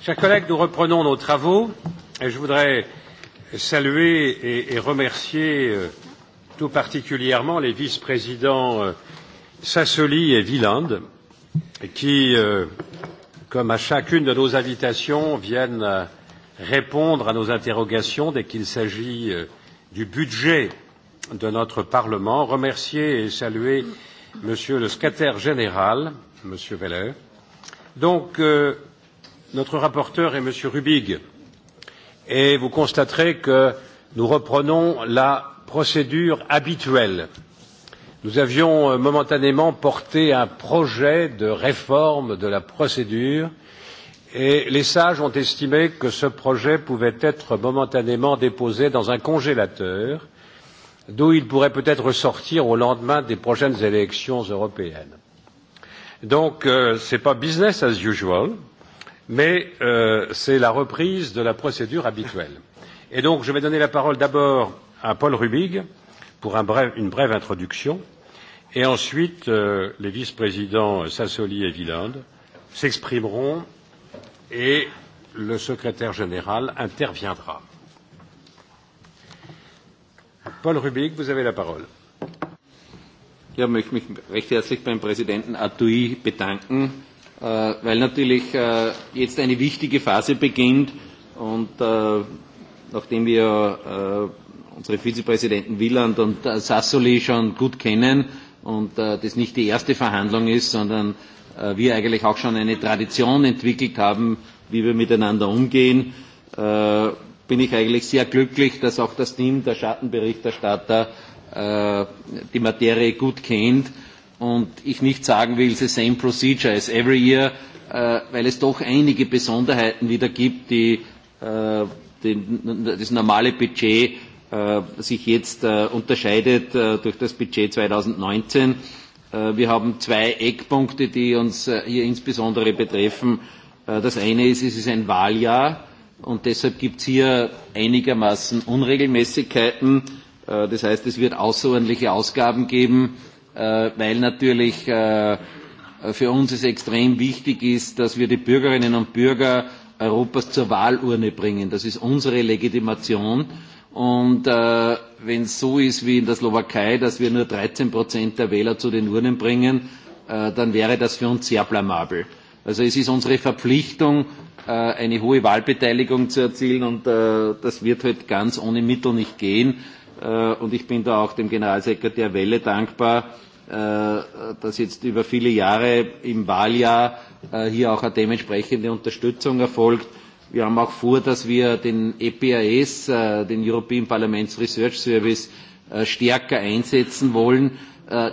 Chers collègues, nous reprenons nos travaux et je voudrais saluer et, et remercier euh, tout particulièrement les vice-présidents euh, Sassoli et Wieland qui, euh, comme à chacune de nos invitations, viennent euh, répondre à nos interrogations dès qu'il s'agit euh, du budget de notre Parlement. Remercier et saluer Monsieur le secrétaire général, Monsieur Veller, Donc, euh, notre rapporteur est M. Rubig. Et vous constaterez que nous reprenons la procédure habituelle. Nous avions euh, momentanément porté un projet de réforme de la procédure et les sages ont estimé que ce projet pouvait être momentanément déposé dans un congélateur, d'où il pourrait peut-être ressortir au lendemain des prochaines élections européennes. Donc euh, ce n'est pas business as usual, mais euh, c'est la reprise de la procédure habituelle. Et donc je vais donner la parole d'abord à Paul Rubig pour un bref, une brève introduction, et ensuite euh, les vice-présidents Sassoli et Villande s'exprimeront et le secrétaire général interviendra. Paul Rubig, vous avez la parole. Ja, möchte mich recht herzlich beim Präsidenten Atui bedanken, äh, weil natürlich äh, jetzt eine wichtige Phase beginnt und äh, nachdem wir äh, unsere Vizepräsidenten Wieland und äh, Sassoli schon gut kennen und äh, das nicht die erste Verhandlung ist, sondern äh, wir eigentlich auch schon eine Tradition entwickelt haben, wie wir miteinander umgehen, äh, bin ich eigentlich sehr glücklich, dass auch das Team der Schattenberichterstatter Äh, die Materie gut kennt und ich nicht sagen will, the same procedure as every year, äh, weil es doch einige Besonderheiten wieder gibt, die äh, das normale Budget sich jetzt unterscheidet durch das Budget 2019. Wir haben zwei Eckpunkte, die uns hier insbesondere betreffen. Das eine ist, es ist ein Wahljahr und deshalb gibt es hier einigermaßen Unregelmäßigkeiten. Äh, das heißt, es wird außerordentliche Ausgaben geben, äh, weil natürlich äh, für uns es extrem wichtig ist, dass wir die Bürgerinnen und Bürger Europas zur Wahlurne bringen. Das ist unsere Legitimation. Und äh, wenn es so ist wie in der Slowakei, dass wir nur 13 Prozent der Wähler zu den Urnen bringen, äh, dann wäre das für uns sehr blamabel. Also es ist unsere Verpflichtung, äh, eine hohe Wahlbeteiligung zu erzielen und äh, das wird halt ganz ohne Mittel nicht gehen. Äh, und ich bin da auch dem Generalsekretär Welle dankbar, äh, dass jetzt über viele Jahre im Wahljahr äh, hier auch eine dementsprechende Unterstützung erfolgt. Wir haben auch vor, dass wir den EPAS, den European Parliaments Research Service, stärker einsetzen wollen,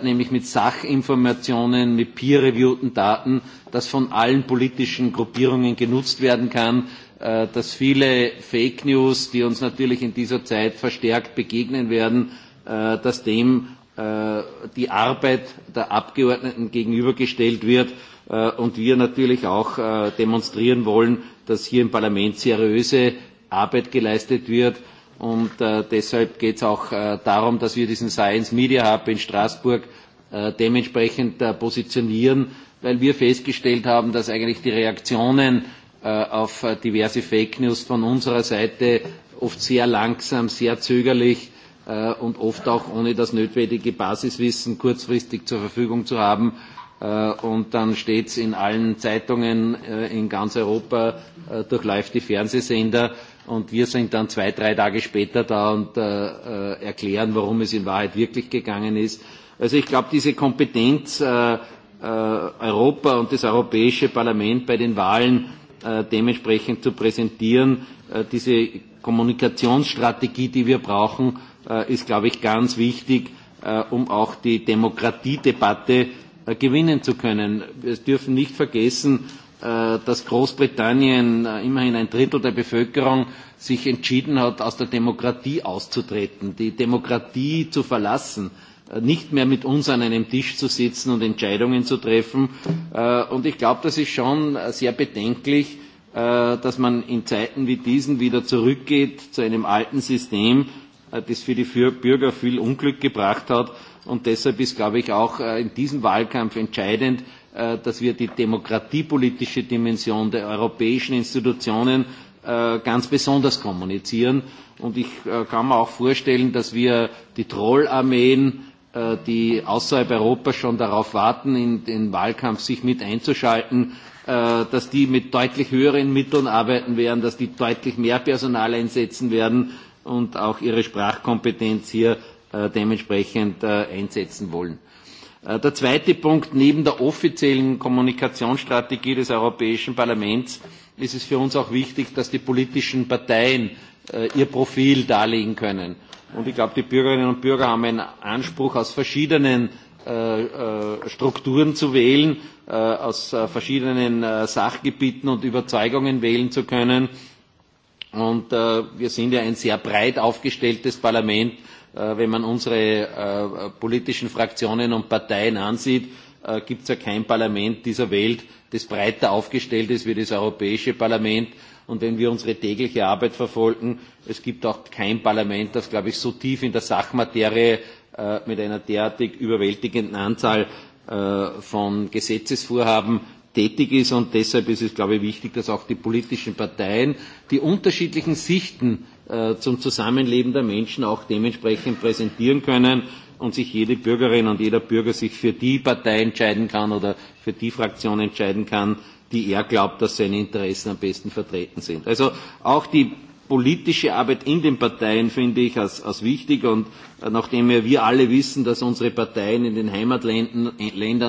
nämlich mit Sachinformationen, mit peer-reviewten Daten, das von allen politischen Gruppierungen genutzt werden kann, Äh, dass viele Fake News, die uns natürlich in dieser Zeit verstärkt begegnen werden, äh, dass dem äh, die Arbeit der Abgeordneten gegenübergestellt wird und wir natürlich auch demonstrieren wollen, dass hier im Parlament seriöse Arbeit geleistet wird. Und deshalb geht es auch darum, dass wir diesen Science Media Hub in Straßburg dementsprechend positionieren, weil wir festgestellt haben, dass eigentlich die Reaktionen Äh, auf äh, diverse Fake News von unserer Seite oft sehr langsam, sehr zögerlich äh, und oft auch ohne das notwendige Basiswissen kurzfristig zur Verfügung zu haben. Und dann steht es in allen Zeitungen in ganz Europa, durchläuft die Fernsehsender und wir sind dann zwei, drei Tage später da und erklären, worum es in Wahrheit wirklich gegangen ist. Also ich glaube, diese Kompetenz Europa und das Europäische Parlament bei den Wahlen Äh, dementsprechend zu präsentieren. Äh, diese Kommunikationsstrategie, die wir brauchen, äh, ist, glaube ich, ganz wichtig, um auch die Demokratiedebatte gewinnen zu können. Wir dürfen nicht vergessen, dass Großbritannien immerhin ein Drittel der Bevölkerung sich entschieden hat, aus der Demokratie auszutreten, die Demokratie zu verlassen nicht mehr mit uns an einem Tisch zu sitzen und Entscheidungen zu treffen. Äh, und ich glaube, das ist schon äh, sehr bedenklich, äh, dass man in Zeiten wie diesen wieder zurückgeht zu einem alten System, das für die Bürger viel Unglück gebracht hat. Und deshalb ist, glaube ich, auch in diesem Wahlkampf entscheidend, dass wir die demokratiepolitische Dimension der europäischen Institutionen ganz besonders kommunizieren. Und ich kann mir auch vorstellen, dass wir die Trollarmeen Äh, die außerhalb Europas schon darauf warten, in den Wahlkampf sich mit einzuschalten, äh, dass die mit deutlich höheren Mitteln arbeiten werden, dass die deutlich mehr Personal einsetzen werden und auch ihre Sprachkompetenz hier äh, dementsprechend einsetzen wollen. Der zweite Punkt neben der offiziellen Kommunikationsstrategie des Europäischen Parlaments ist es für uns auch wichtig, dass die politischen Parteien ihr Profil darlegen können. Und ich glaube, die Bürgerinnen und Bürger haben einen Anspruch, aus verschiedenen äh, äh, Strukturen zu wählen, äh, aus verschiedenen Sachgebieten und Überzeugungen wählen zu können. Und wir sind ja ein sehr breit aufgestelltes Parlament. Wenn man unsere politischen Fraktionen und Parteien ansieht, gibt es ja kein Parlament dieser Welt, das breiter aufgestellt ist wie das Europäische Parlament Und wenn wir unsere tägliche Arbeit verfolgen, es gibt auch kein Parlament, das, glaube ich, so tief in der Sachmaterie äh, mit einer derartig überwältigenden Anzahl äh, von Gesetzesvorhaben tätig ist. Und deshalb ist es, glaube ich, wichtig, dass auch die politischen Parteien die unterschiedlichen Sichten äh, zum Zusammenleben der Menschen auch dementsprechend präsentieren können und sich jede Bürgerin und jeder Bürger sich für die Partei entscheiden kann oder für die Fraktion entscheiden kann, die er glaubt, dass seine Interessen am besten vertreten sind. Also auch die politische Arbeit in den Parteien finde ich als, als wichtig und äh, nachdem ja wir alle wissen, dass unsere Parteien in den Heimatländern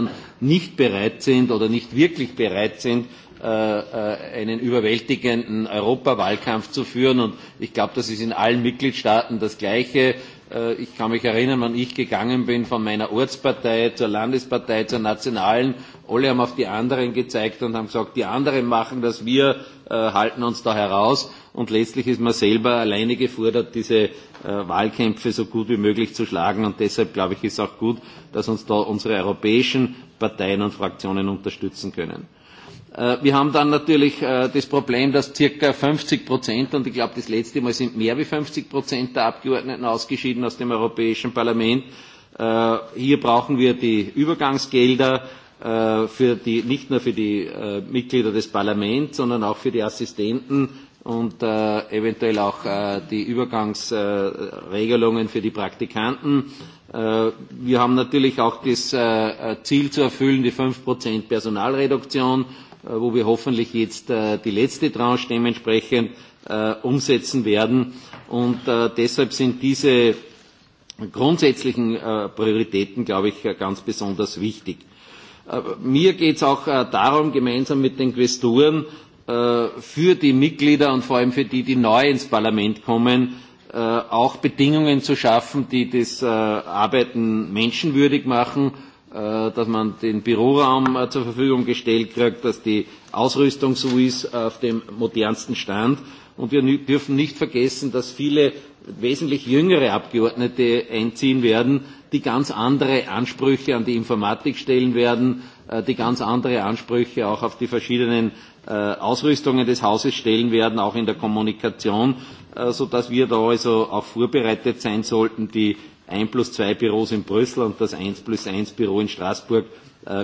äh, nicht bereit sind oder nicht wirklich bereit sind, äh, einen überwältigenden Europawahlkampf zu führen. Und ich glaube, das ist in allen Mitgliedstaaten das Gleiche. Ich kann mich erinnern, wann ich gegangen bin von meiner Ortspartei zur Landespartei, zur nationalen Alle haben auf die anderen gezeigt und haben gesagt, die anderen machen das, wir äh, halten uns da heraus. Und letztlich ist man selber alleine gefordert, diese äh, Wahlkämpfe so gut wie möglich zu schlagen. Und deshalb, glaube ich, ist auch gut, dass uns da unsere europäischen Parteien und Fraktionen unterstützen können. Äh, wir haben dann natürlich äh, das Problem, dass circa 50 Prozent, und ich glaube, das letzte Mal sind mehr wie 50 Prozent der Abgeordneten ausgeschieden aus dem Europäischen Parlament. Äh, hier brauchen wir die Übergangsgelder. Äh, für die, nicht nur für die äh, Mitglieder des Parlaments, sondern auch für die Assistenten und äh, eventuell auch äh, die Übergangsregelungen äh, für die Praktikanten. Äh, wir haben natürlich auch das äh, Ziel zu erfüllen, die 5% Personalreduktion, äh, wo wir hoffentlich jetzt äh, die letzte Tranche dementsprechend äh, umsetzen werden. Und äh, deshalb sind diese grundsätzlichen äh, Prioritäten, glaube ich, äh, ganz besonders wichtig. Äh, mir geht es auch äh, darum, gemeinsam mit den Questoren äh, für die Mitglieder und vor allem für die, die neu ins Parlament kommen, auch Bedingungen zu schaffen, die das Arbeiten menschenwürdig machen, dass man den Büroraum zur Verfügung gestellt kriegt, dass die Ausrüstung so ist auf dem modernsten Stand. Und wir dürfen nicht vergessen, dass viele wesentlich jüngere Abgeordnete einziehen werden, die ganz andere Ansprüche an die Informatik stellen werden, äh, die ganz andere Ansprüche auch auf die verschiedenen äh, Ausrüstungen des Hauses stellen werden, auch in der Kommunikation, äh, sodass wir da also auch vorbereitet sein sollten, die 1 plus 2 Büros in Brüssel und das 1 plus 1 Büro in Straßburg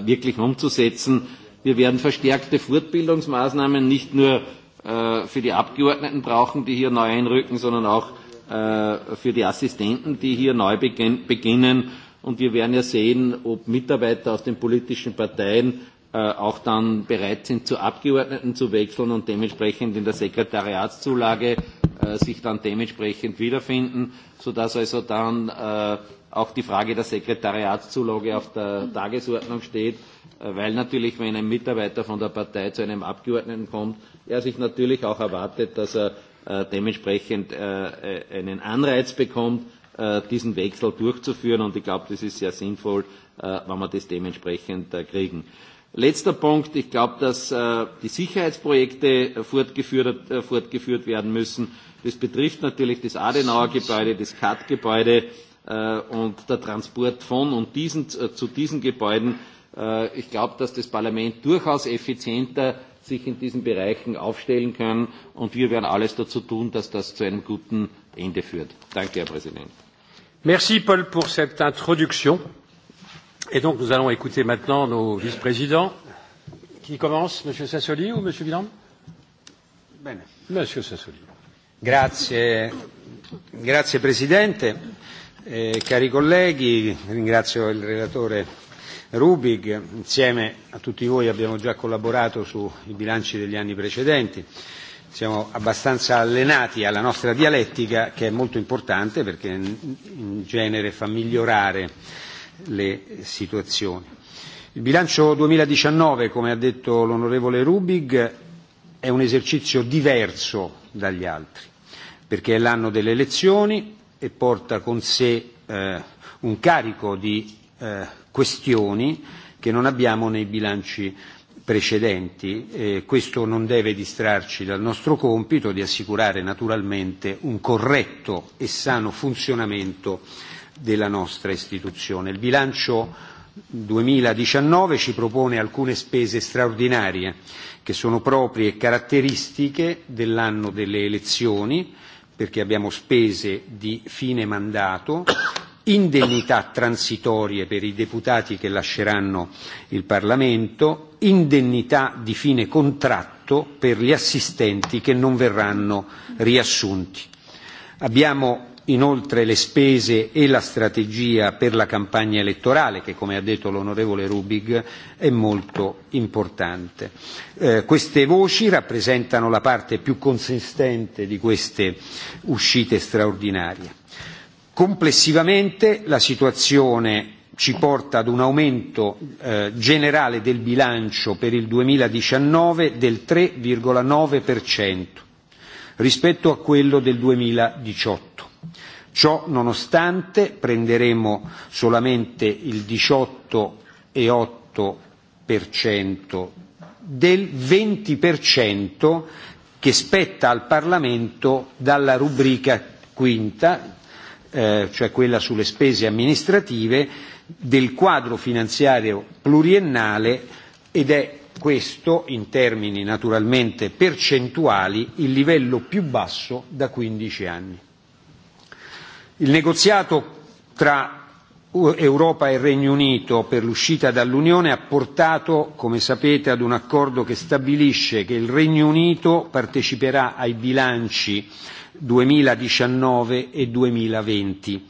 wirklich umzusetzen. Wir werden verstärkte Fortbildungsmaßnahmen nicht nur für die Abgeordneten brauchen, die hier neu einrücken, sondern auch Äh, für die Assistenten, die hier neu beginnen. Und wir werden ja sehen, ob Mitarbeiter aus den politischen Parteien äh, auch dann bereit sind, zu Abgeordneten zu wechseln und dementsprechend in der Sekretariatszulage äh, sich dann dementsprechend wiederfinden, sodass also dann auch die Frage der Sekretariatszulage auf der Tagesordnung steht, weil natürlich, wenn ein Mitarbeiter von der Partei zu einem Abgeordneten kommt, er sich natürlich auch erwartet, dass er Äh, dementsprechend äh, äh, einen Anreiz bekommt, diesen Wechsel durchzuführen. Und ich glaube, das ist sehr sinnvoll, wenn wir das dementsprechend kriegen. Letzter Punkt. Ich glaube, dass die Sicherheitsprojekte fortgeführt, fortgeführt werden müssen. Das betrifft natürlich das Adenauer-Gebäude, das CAT-Gebäude und der Transport von und diesen, zu diesen Gebäuden. Ich glaube, dass das Parlament durchaus effizienter sich in diesen Bereichen aufstellen kann. Und wir werden alles dazu tun, dass das zu einem guten Ende führt. Danke, Herr Präsident. Merci, Paul, pour cette introduction. Et donc, nous allons écouter maintenant nos vice-présidents. Qui commence, Monsieur Sassoli ou Monsieur Viland Bene. Monsieur Sassoli. Grazie, grazie Presidente. Eh, cari colleghi, ringrazio il relatore Rubig, insieme a tutti voi abbiamo già collaborato sui bilanci degli anni precedenti, siamo abbastanza allenati alla nostra dialettica che è molto importante perché in genere fa migliorare le situazioni. Il bilancio 2019, come ha detto l'onorevole Rubig, è un esercizio diverso dagli altri perché è l'anno delle elezioni e porta con sé eh, un carico di eh, questioni che non abbiamo nei bilanci precedenti. Eh, questo non deve distrarci dal nostro compito di assicurare naturalmente un corretto e sano funzionamento della nostra istituzione. Il bilancio 2019 ci propone alcune spese straordinarie che sono proprie e caratteristiche dell'anno delle elezioni, perché abbiamo spese di fine mandato indennità transitorie per i deputati che lasceranno il Parlamento, indennità di fine contratto per gli assistenti che non verranno riassunti. Abbiamo inoltre le spese e la strategia per la campagna elettorale che come ha detto l'onorevole Rubig è molto importante. Eh, queste voci rappresentano la parte più consistente di queste uscite straordinarie. Complessivamente la situazione ci porta ad un aumento eh, generale del bilancio per il 2019 del 3,9% rispetto a quello del 2018. Ciò nonostante prenderemo solamente il 18,8% e del 20% che spetta al Parlamento dalla rubrica quinta Eh, cioè quella sulle spese amministrative, del quadro finanziario pluriennale ed è questo, in termini naturalmente percentuali, il livello più basso da 15 anni. Il negoziato tra Europa e Regno Unito per l'uscita dall'Unione ha portato, come sapete, ad un accordo che stabilisce che il Regno Unito parteciperà ai bilanci 2019 e 2020.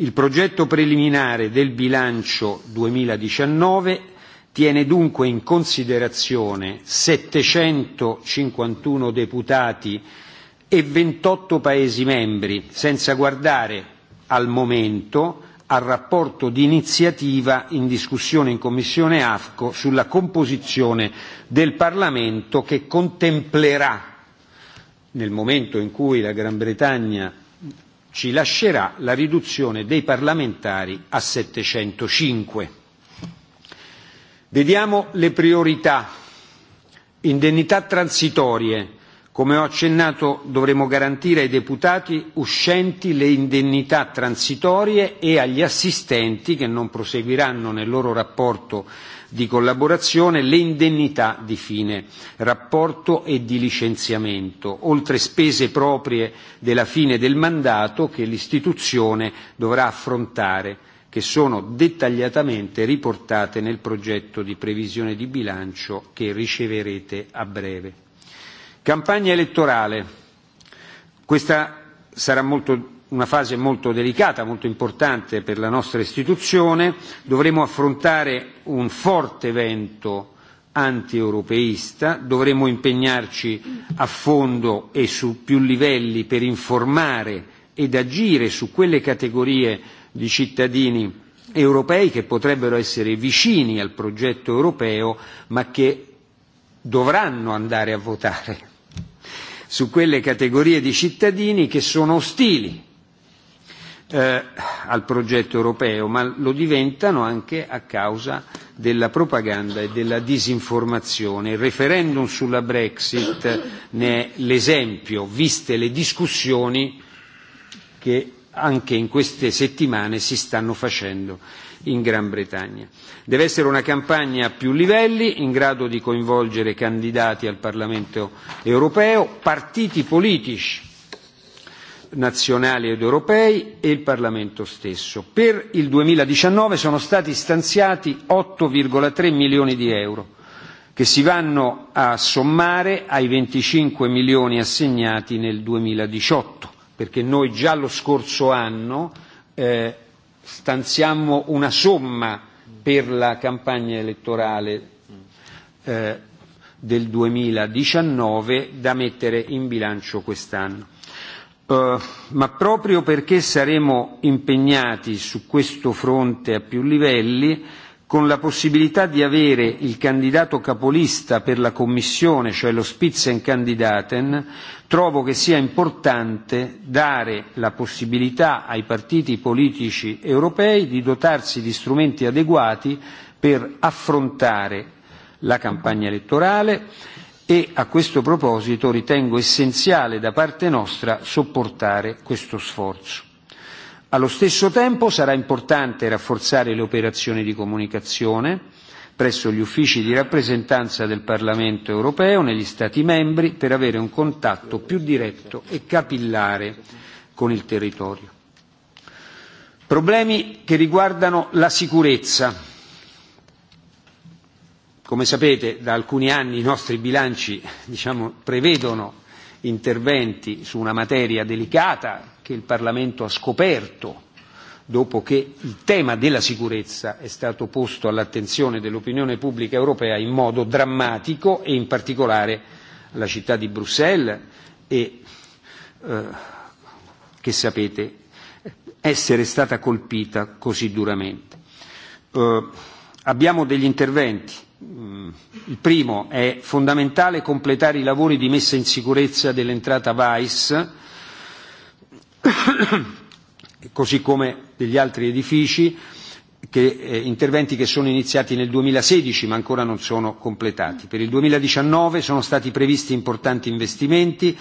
Il progetto preliminare del bilancio 2019 tiene dunque in considerazione 751 deputati e 28 Paesi membri, senza guardare al momento al rapporto di iniziativa in discussione in Commissione AFCO sulla composizione del Parlamento che contemplerà nel momento in cui la Gran Bretagna ci lascerà la riduzione dei parlamentari a 705. Vediamo le priorità. Indennità transitorie Come ho accennato dovremo garantire ai deputati uscenti le indennità transitorie e agli assistenti che non proseguiranno nel loro rapporto di collaborazione le indennità di fine rapporto e di licenziamento, oltre spese proprie della fine del mandato che l'istituzione dovrà affrontare, che sono dettagliatamente riportate nel progetto di previsione di bilancio che riceverete a breve. Campagna elettorale. Questa sarà molto una fase molto delicata, molto importante per la nostra istituzione, dovremo affrontare un forte vento antieuropeista, dovremo impegnarci a fondo e su più livelli per informare ed agire su quelle categorie di cittadini europei che potrebbero essere vicini al progetto europeo ma che dovranno andare a votare su quelle categorie di cittadini che sono ostili eh, al progetto europeo, ma lo diventano anche a causa della propaganda e della disinformazione. Il referendum sulla Brexit ne è l'esempio, viste le discussioni che anche in queste settimane si stanno facendo in Gran Bretagna. Deve essere una campagna a più livelli, in grado di coinvolgere candidati al Parlamento europeo, partiti politici nazionali ed europei e il Parlamento stesso. Per il 2019 sono stati stanziati 8,3 milioni di euro che si vanno a sommare ai 25 milioni assegnati nel 2018, perché noi già lo scorso anno eh, stanziammo una somma per la campagna elettorale eh, del 2019 da mettere in bilancio quest'anno. Uh, ma proprio perché saremo impegnati su questo fronte a più livelli, con la possibilità di avere il candidato capolista per la Commissione, cioè lo Spitzenkandidaten, trovo che sia importante dare la possibilità ai partiti politici europei di dotarsi di strumenti adeguati per affrontare la campagna elettorale e a questo proposito ritengo essenziale da parte nostra sopportare questo sforzo. Allo stesso tempo sarà importante rafforzare le operazioni di comunicazione presso gli uffici di rappresentanza del Parlamento europeo negli Stati membri per avere un contatto più diretto e capillare con il territorio. Problemi che riguardano la sicurezza. Come sapete, da alcuni anni i nostri bilanci diciamo, prevedono interventi su una materia delicata che il Parlamento ha scoperto dopo che il tema della sicurezza è stato posto all'attenzione dell'opinione pubblica europea in modo drammatico e in particolare la città di Bruxelles e, eh, che sapete essere stata colpita così duramente. Eh, abbiamo degli interventi. Mm, il primo è fondamentale completare i lavori di messa in sicurezza dell'entrata Vice così come degli altri edifici, che, eh, interventi che sono iniziati nel 2016 ma ancora non sono completati. Per il 2019 sono stati previsti importanti investimenti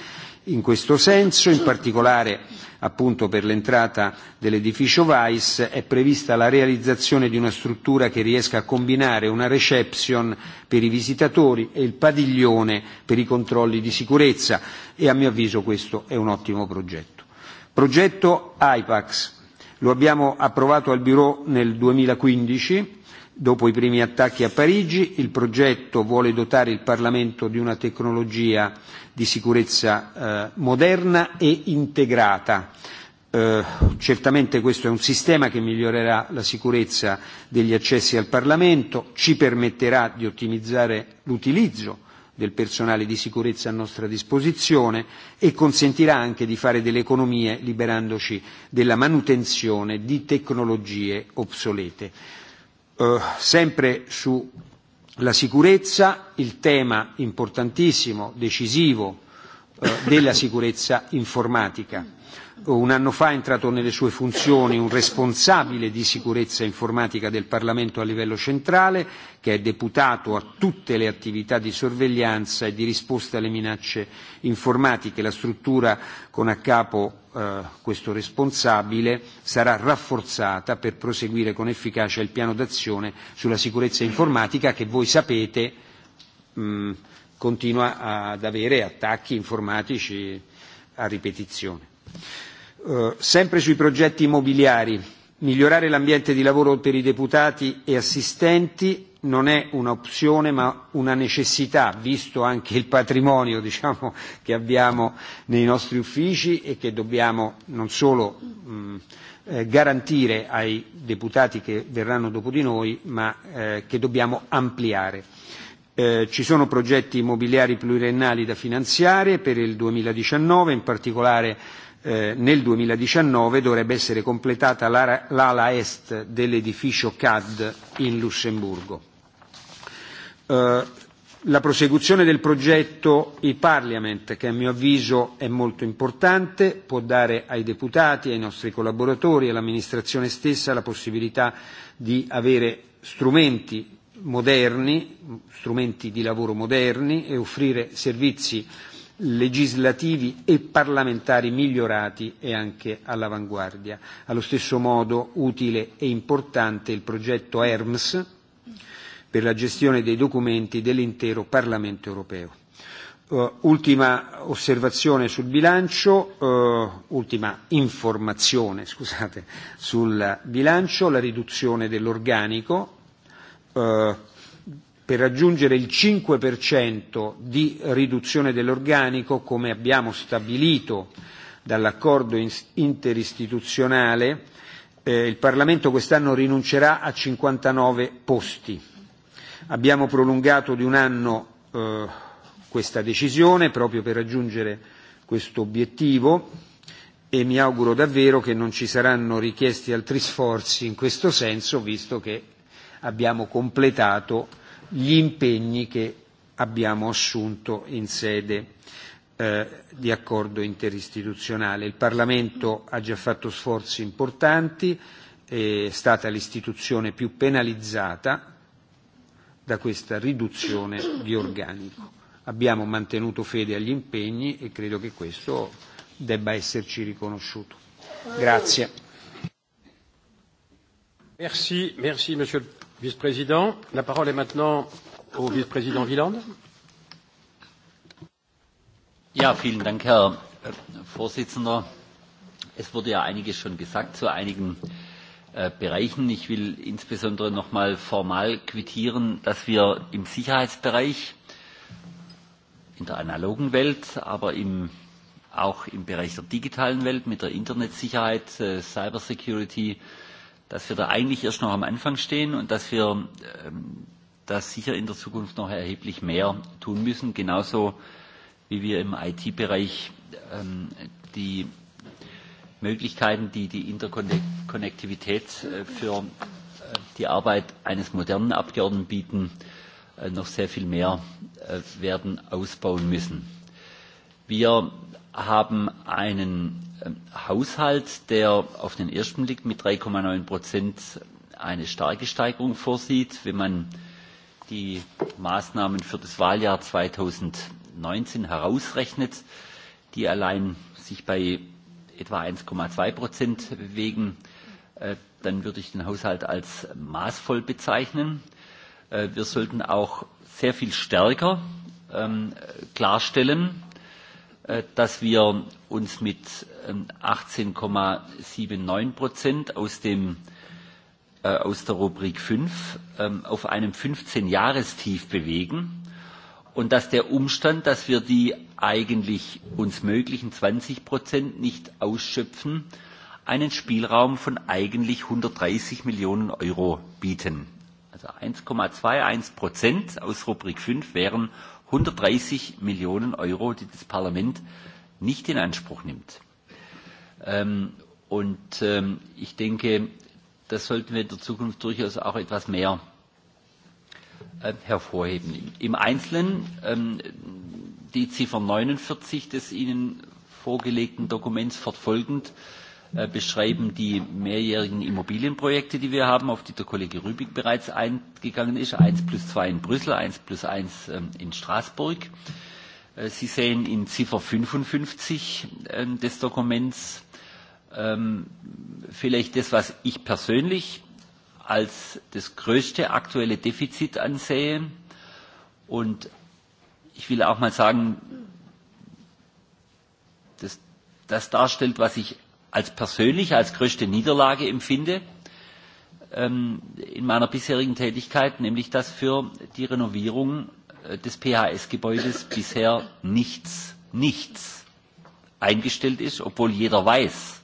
in questo senso, in particolare appunto per l'entrata dell'edificio Weiss è prevista la realizzazione di una struttura che riesca a combinare una reception per i visitatori e il padiglione per i controlli di sicurezza e a mio avviso questo è un ottimo progetto. Progetto IPAX. Lo abbiamo approvato al Bureau nel 2015 Dopo i primi attacchi a Parigi, il progetto vuole dotare il Parlamento di una tecnologia di sicurezza eh, moderna e integrata. Eh, certamente questo è un sistema che migliorerà la sicurezza degli accessi al Parlamento, ci permetterà di ottimizzare l'utilizzo del personale di sicurezza a nostra disposizione e consentirà anche di fare delle economie liberandoci della manutenzione di tecnologie obsolete. Eh, sempre sulla sicurezza, il tema importantissimo, decisivo, eh, della sicurezza informatica un anno fa è entrato nelle sue funzioni un responsabile di sicurezza informatica del Parlamento a livello centrale, che è deputato a tutte le attività di sorveglianza e di risposta alle minacce informatiche. La struttura con a capo eh, questo responsabile sarà rafforzata per proseguire con efficacia il piano d'azione sulla sicurezza informatica che voi sapete mh, mm, continua ad avere attacchi informatici a ripetizione. Eh, sempre sui progetti immobiliari, migliorare l'ambiente di lavoro per i deputati e assistenti non è un'opzione ma una necessità, visto anche il patrimonio diciamo, che abbiamo nei nostri uffici e che dobbiamo non solo mh, mm, eh, garantire ai deputati che verranno dopo di noi, ma eh, che dobbiamo ampliare. Eh, ci sono progetti immobiliari pluriennali da finanziare per il 2019, in particolare Eh, nel 2019 dovrebbe essere completata l'ala est dell'edificio CAD in Lussemburgo. Eh, la prosecuzione del progetto e-Parliament, che a mio avviso è molto importante, può dare ai deputati, ai nostri collaboratori e all'amministrazione stessa la possibilità di avere strumenti moderni, strumenti di lavoro moderni e offrire servizi eh, legislativi e parlamentari migliorati e anche all'avanguardia. Allo stesso modo utile e importante il progetto ERMS per la gestione dei documenti dell'intero Parlamento europeo. Uh, ultima osservazione sul bilancio, uh, ultima informazione scusate, sul bilancio, la riduzione dell'organico. Uh, per raggiungere il 5% di riduzione dell'organico, come abbiamo stabilito dall'accordo interistituzionale, eh, il Parlamento quest'anno rinuncerà a 59 posti. Abbiamo prolungato di un anno eh, questa decisione proprio per raggiungere questo obiettivo e mi auguro davvero che non ci saranno richiesti altri sforzi in questo senso, visto che abbiamo completato gli impegni che abbiamo assunto in sede eh, di accordo interistituzionale. Il Parlamento ha già fatto sforzi importanti, è stata l'istituzione più penalizzata da questa riduzione di organico. Abbiamo mantenuto fede agli impegni e credo che questo debba esserci riconosciuto. Grazie. Merci, merci vice-président. La parole est maintenant au vice-président Wieland. Ja, vielen Dank, Herr äh, Vorsitzender. Es wurde ja einiges schon gesagt zu einigen äh, Bereichen. Ich will insbesondere noch einmal formal quittieren, dass wir im Sicherheitsbereich in der analogen Welt, aber auch im Bereich der digitalen Welt mit der Internetsicherheit, äh, Cybersecurity, Security, dass wir da eigentlich erst noch am Anfang stehen und dass wir ähm, das sicher in der Zukunft noch erheblich mehr tun müssen, genauso wie wir im IT-Bereich ähm, die Möglichkeiten, die die Interkonnektivität äh, für äh, die Arbeit eines modernen Abgeordneten bieten, äh, noch sehr viel mehr äh, werden ausbauen müssen. Wir haben einen Ähm, Haushalt, der auf den ersten Blick mit 3,9 Prozent eine starke Steigerung vorsieht. Wenn man die Maßnahmen für das Wahljahr 2019 herausrechnet, die allein sich bei etwa 1,2 Prozent bewegen, äh, dann würde ich den Haushalt als maßvoll bezeichnen. Äh, wir sollten auch sehr viel stärker ähm, klarstellen, Äh, dass wir uns mit 18,79 ähm, Prozent aus, äh, aus der Rubrik 5 ähm, auf einem 15-Jahrestief bewegen und dass der Umstand, dass wir die eigentlich uns möglichen 20 nicht ausschöpfen, einen Spielraum von eigentlich 130 Millionen Euro bieten. Also 1,21 aus Rubrik 5 wären 130 Millionen Euro, die das Parlament nicht in Anspruch nimmt. Ähm, und ähm, ich denke, das sollten wir in der Zukunft durchaus auch etwas mehr äh, hervorheben. Im Einzelnen ähm, die Ziffer 49 des Ihnen vorgelegten Dokuments fortfolgend äh, Äh, beschreiben die mehrjährigen Immobilienprojekte, die wir haben, auf die der Kollege Rübig bereits eingegangen ist. Eins plus zwei in Brüssel, eins plus eins ähm, in Straßburg. Äh, Sie sehen in Ziffer 55 ähm, des Dokuments ähm, vielleicht das, was ich persönlich als das größte aktuelle Defizit ansehe. Und ich will auch mal sagen, dass das darstellt, was ich als persönliche, als größte Niederlage empfinde ähm, in meiner bisherigen Tätigkeit, nämlich dass für die Renovierung äh, des PHS-Gebäudes bisher nichts, nichts eingestellt ist, obwohl jeder weiß,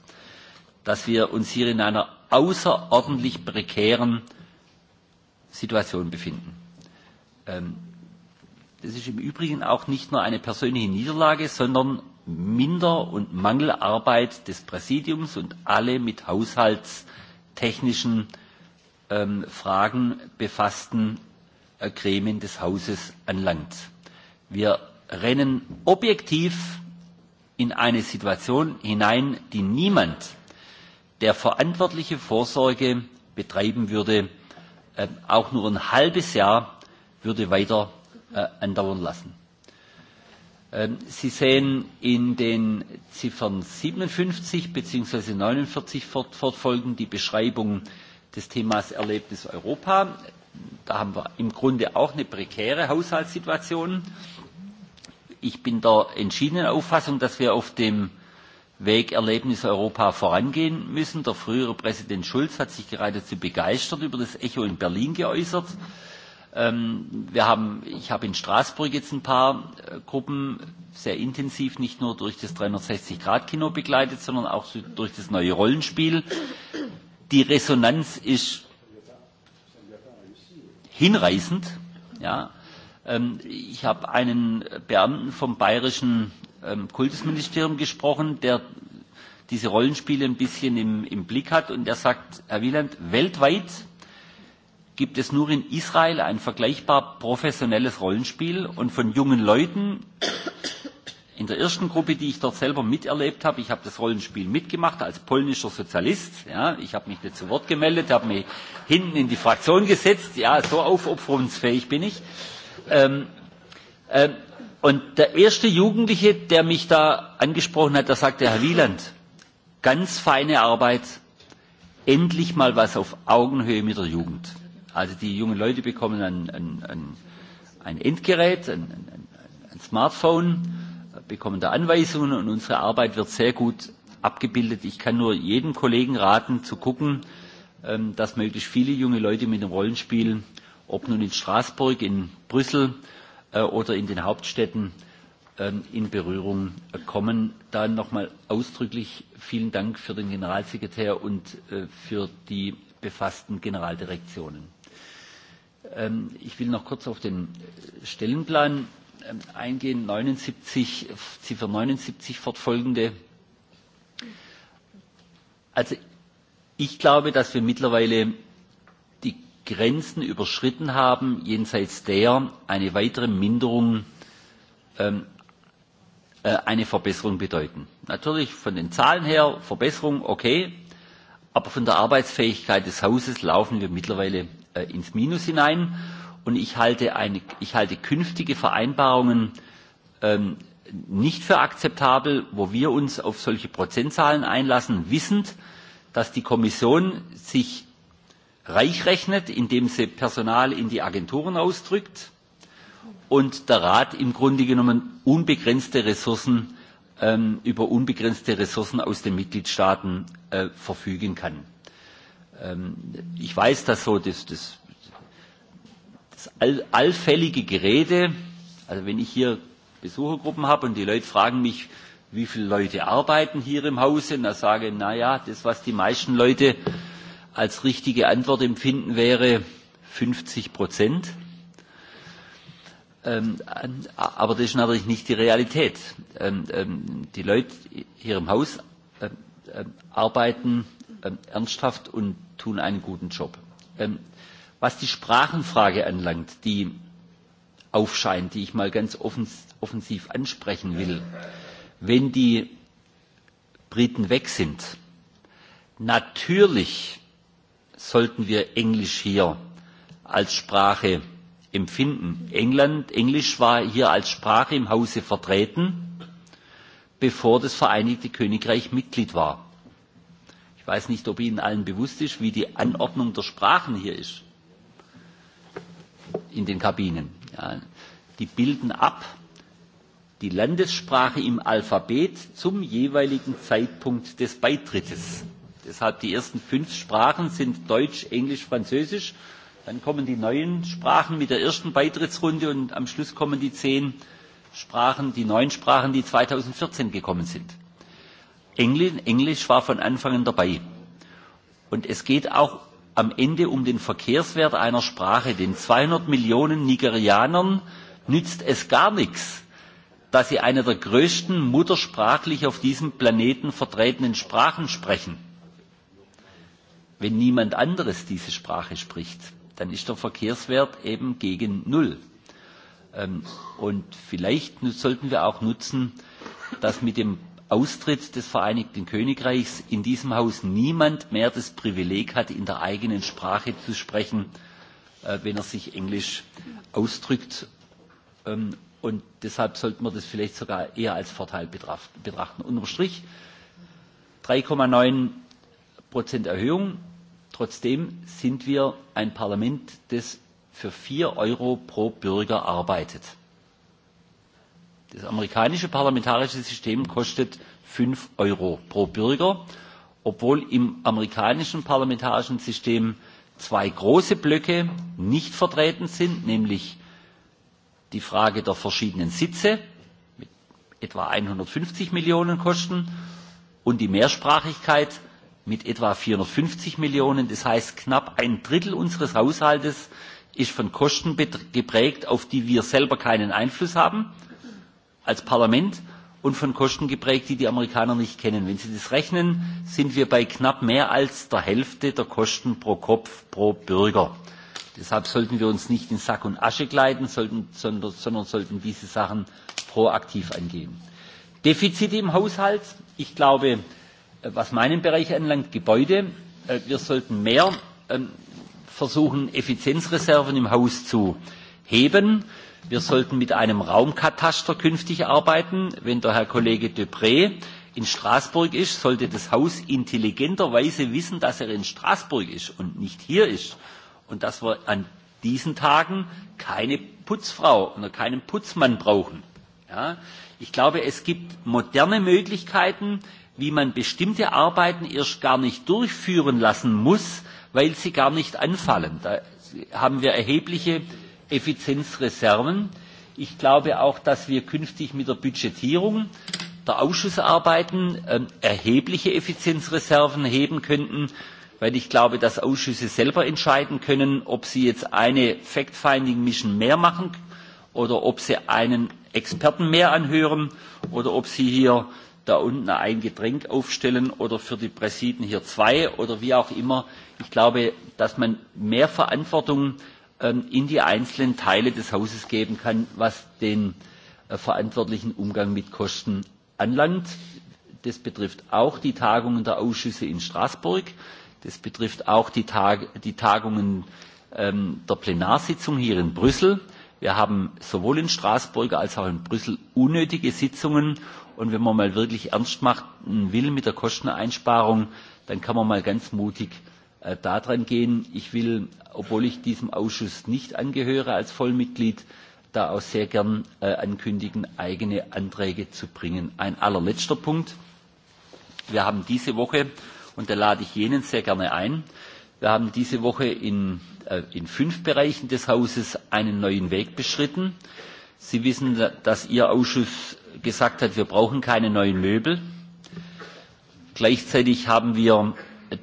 dass wir uns hier in einer außerordentlich prekären Situation befinden. Ähm, das ist im Übrigen auch nicht nur eine persönliche Niederlage, sondern Minder- und Mangelarbeit des Präsidiums und alle mit haushaltstechnischen ähm, Fragen befassten äh, Gremien des Hauses anlangt. Wir rennen objektiv in eine Situation hinein, die niemand, der verantwortliche Vorsorge betreiben würde, äh, auch nur ein halbes Jahr würde weiter äh, andauern lassen. Ähm, Sie sehen in den Ziffern 57 bzw. 49 fortfolgend die Beschreibung des Themas Erlebnis Europa. Da haben wir im Grunde auch eine prekäre Haushaltssituation. Ich bin der entschiedenen Auffassung, dass wir auf dem Weg Erlebnis Europa vorangehen müssen. Der frühere Präsident Schulz hat sich geradezu begeistert über das Echo in Berlin geäußert. Mhm Ähm, wir haben, ich habe in Straßburg jetzt ein paar äh, Gruppen sehr intensiv nicht nur durch das 360-Grad-Kino begleitet, sondern auch durch das neue Rollenspiel. Die Resonanz ist hinreißend. Ja. Ähm, ich habe einen Beamten vom bayerischen ähm, Kultusministerium gesprochen, der diese Rollenspiele ein bisschen im, im Blick hat und der sagt, Herr Wieland, weltweit gibt es nur in Israel ein vergleichbar professionelles Rollenspiel und von jungen Leuten in der ersten Gruppe, die ich dort selber miterlebt habe, ich habe das Rollenspiel mitgemacht als polnischer Sozialist, ja, ich habe mich nicht zu Wort gemeldet, habe mich hinten in die Fraktion gesetzt, ja, so aufopferungsfähig bin ich. Ähm, ähm, und der erste Jugendliche, der mich da angesprochen hat, der sagte, Herr Wieland, ganz feine Arbeit, endlich mal was auf Augenhöhe mit der Jugend. Also die jungen Leute bekommen ein, ein, ein, ein Endgerät, ein, ein, ein Smartphone, bekommen da Anweisungen und unsere Arbeit wird sehr gut abgebildet. Ich kann nur jedem Kollegen raten, zu gucken, ähm, dass möglichst viele junge Leute mit dem Rollenspiel, ob nun in Straßburg, in Brüssel äh, oder in den Hauptstädten, ähm, in Berührung kommen. Da nochmal ausdrücklich vielen Dank für den Generalsekretär und äh, für die befassten Generaldirektionen. Ähm, ich will noch kurz auf den Stellenplan ähm, eingehen. 79, Ziffer 79 fortfolgende. Also ich glaube, dass wir mittlerweile die Grenzen überschritten haben, jenseits der eine weitere Minderung ähm, äh, eine Verbesserung bedeuten. Natürlich von den Zahlen her Verbesserung, okay, aber von der Arbeitsfähigkeit des Hauses laufen wir mittlerweile äh, ins Minus hinein. Und ich halte, eine, ich halte künftige Vereinbarungen ähm, nicht für akzeptabel, wo wir uns auf solche Prozentzahlen einlassen, wissend, dass die Kommission sich reich rechnet, indem sie Personal in die Agenturen ausdrückt und der Rat im Grunde genommen unbegrenzte Ressourcen ähm, über unbegrenzte Ressourcen aus den Mitgliedstaaten äh, verfügen kann. Ähm, ich weiß, dass so das, das, das all, allfällige Gerede, also wenn ich hier Besuchergruppen habe und die Leute fragen mich, wie viele Leute arbeiten hier im Hause, und dann sage ich, naja, das, was die meisten Leute als richtige Antwort empfinden, wäre 50 Prozent. Ähm, aber das ist natürlich nicht die Realität. Ähm, ähm, die Leute hier im Haus ähm, ähm arbeiten ähm, ernsthaft und tun einen guten Job. Ähm, was die Sprachenfrage anlangt, die aufscheint, die ich mal ganz offens offensiv ansprechen will, wenn die Briten weg sind, natürlich sollten wir Englisch hier als Sprache empfinden. England, Englisch war hier als Sprache im Hause vertreten, bevor das Vereinigte Königreich Mitglied war. Ich weiß nicht, ob Ihnen allen bewusst ist, wie die Anordnung der Sprachen hier ist in den Kabinen. Ja, die bilden ab die Landessprache im Alphabet zum jeweiligen Zeitpunkt des Beitrittes. Deshalb die ersten fünf Sprachen sind Deutsch, Englisch, Französisch. Dann kommen die neuen Sprachen mit der ersten Beitrittsrunde und am Schluss kommen die zehn Sprachen, die neun Sprachen, die 2014 gekommen sind. Englisch, Englisch war von Anfang an dabei. Und es geht auch am Ende um den Verkehrswert einer Sprache. Den 200 Millionen Nigerianern nützt es gar nichts, dass sie eine der größten muttersprachlich auf diesem Planeten vertretenen Sprachen sprechen. Wenn niemand anderes diese Sprache spricht, dann ist der Verkehrswert eben gegen Null. Ähm, und vielleicht sollten wir auch nutzen, dass mit dem Austritt des Vereinigten Königreichs in diesem Haus niemand mehr das Privileg hat, in der eigenen Sprache zu sprechen, äh, wenn er sich Englisch ausdrückt. Ähm, und deshalb sollte man das vielleicht sogar eher als Vorteil betrachten. Unterm Strich 3,9 Prozent Erhöhung. Trotzdem sind wir ein Parlament, das für vier Euro pro Bürger arbeitet. Das amerikanische parlamentarische System kostet fünf Euro pro Bürger, obwohl im amerikanischen parlamentarischen System zwei große Blöcke nicht vertreten sind, nämlich die Frage der verschiedenen Sitze mit etwa einhundertfünfzig Millionen Kosten und die Mehrsprachigkeit mit etwa vierhundertfünfzig Millionen. Das heißt, knapp ein Drittel unseres haushalts ist von Kosten geprägt, auf die wir selber keinen Einfluss haben als Parlament und von Kosten geprägt, die die Amerikaner nicht kennen. Wenn Sie das rechnen, sind wir bei knapp mehr als der Hälfte der Kosten pro Kopf pro Bürger. Deshalb sollten wir uns nicht in Sack und Asche kleiden, sollten, sondern, sondern sollten diese Sachen proaktiv angehen. Defizite im Haushalt. Ich glaube, äh, was meinen Bereich anlangt, Gebäude. Äh, wir sollten mehr ähm, versuchen, Effizienzreserven im Haus zu heben wir sollten mit einem Raumkataster künftig arbeiten. Wenn der Herr Kollege deprez in Straßburg ist, sollte das Haus intelligenterweise wissen, dass er in Straßburg ist und nicht hier ist. Und dass wir an diesen Tagen keine Putzfrau oder keinen Putzmann brauchen. Ja? Ich glaube, es gibt moderne Möglichkeiten, wie man bestimmte Arbeiten erst gar nicht durchführen lassen muss, weil sie gar nicht anfallen. Da haben wir erhebliche Effizienzreserven. Ich glaube auch, dass wir künftig mit der Budgetierung der Ausschussarbeiten ähm, erhebliche Effizienzreserven heben könnten, weil ich glaube, dass Ausschüsse selber entscheiden können, ob sie jetzt eine Fact-Finding-Mission mehr machen oder ob sie einen Experten mehr anhören oder ob sie hier da unten ein Getränk aufstellen oder für die Präsiden hier zwei oder wie auch immer. Ich glaube, dass man mehr Verantwortung Ähm, in die einzelnen Teile des Hauses geben kann, was den äh, verantwortlichen Umgang mit Kosten anlangt. Das betrifft auch die Tagungen der Ausschüsse in Straßburg. Das betrifft auch die, Tagungen ähm, der Plenarsitzung hier in Brüssel. Wir haben sowohl in Straßburg als auch in Brüssel unnötige Sitzungen. Und wenn man mal wirklich ernst machen will mit der Kosteneinsparung, dann kann man mal ganz mutig Äh, daran gehen. Ich will, obwohl ich diesem Ausschuss nicht angehöre als Vollmitglied, da auch sehr gern äh, ankündigen, eigene Anträge zu bringen. Ein allerletzter Punkt. Wir haben diese Woche, und da lade ich jenen sehr gerne ein, wir haben diese Woche in, äh, in fünf Bereichen des Hauses einen neuen Weg beschritten. Sie wissen, dass Ihr Ausschuss gesagt hat, wir brauchen keine neuen Möbel. Gleichzeitig haben wir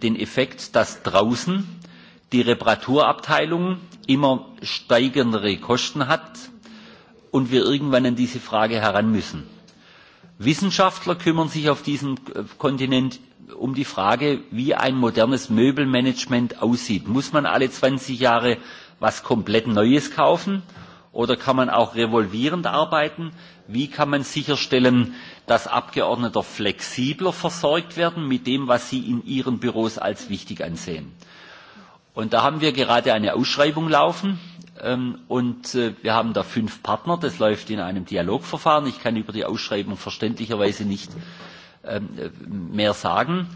den Effekt, dass draußen die Reparaturabteilung immer steigendere Kosten hat und wir irgendwann an diese Frage heran müssen. Wissenschaftler kümmern sich auf diesem Kontinent um die Frage, wie ein modernes Möbelmanagement aussieht. Muss man alle 20 Jahre was komplett Neues kaufen Oder kann man auch revolvierend arbeiten? Wie kann man sicherstellen, dass Abgeordnete flexibler versorgt werden mit dem, was sie in ihren Büros als wichtig ansehen? Und da haben wir gerade eine Ausschreibung laufen. Ähm, und äh, wir haben da fünf Partner. Das läuft in einem Dialogverfahren. Ich kann über die Ausschreibung verständlicherweise nicht ähm, äh, mehr sagen.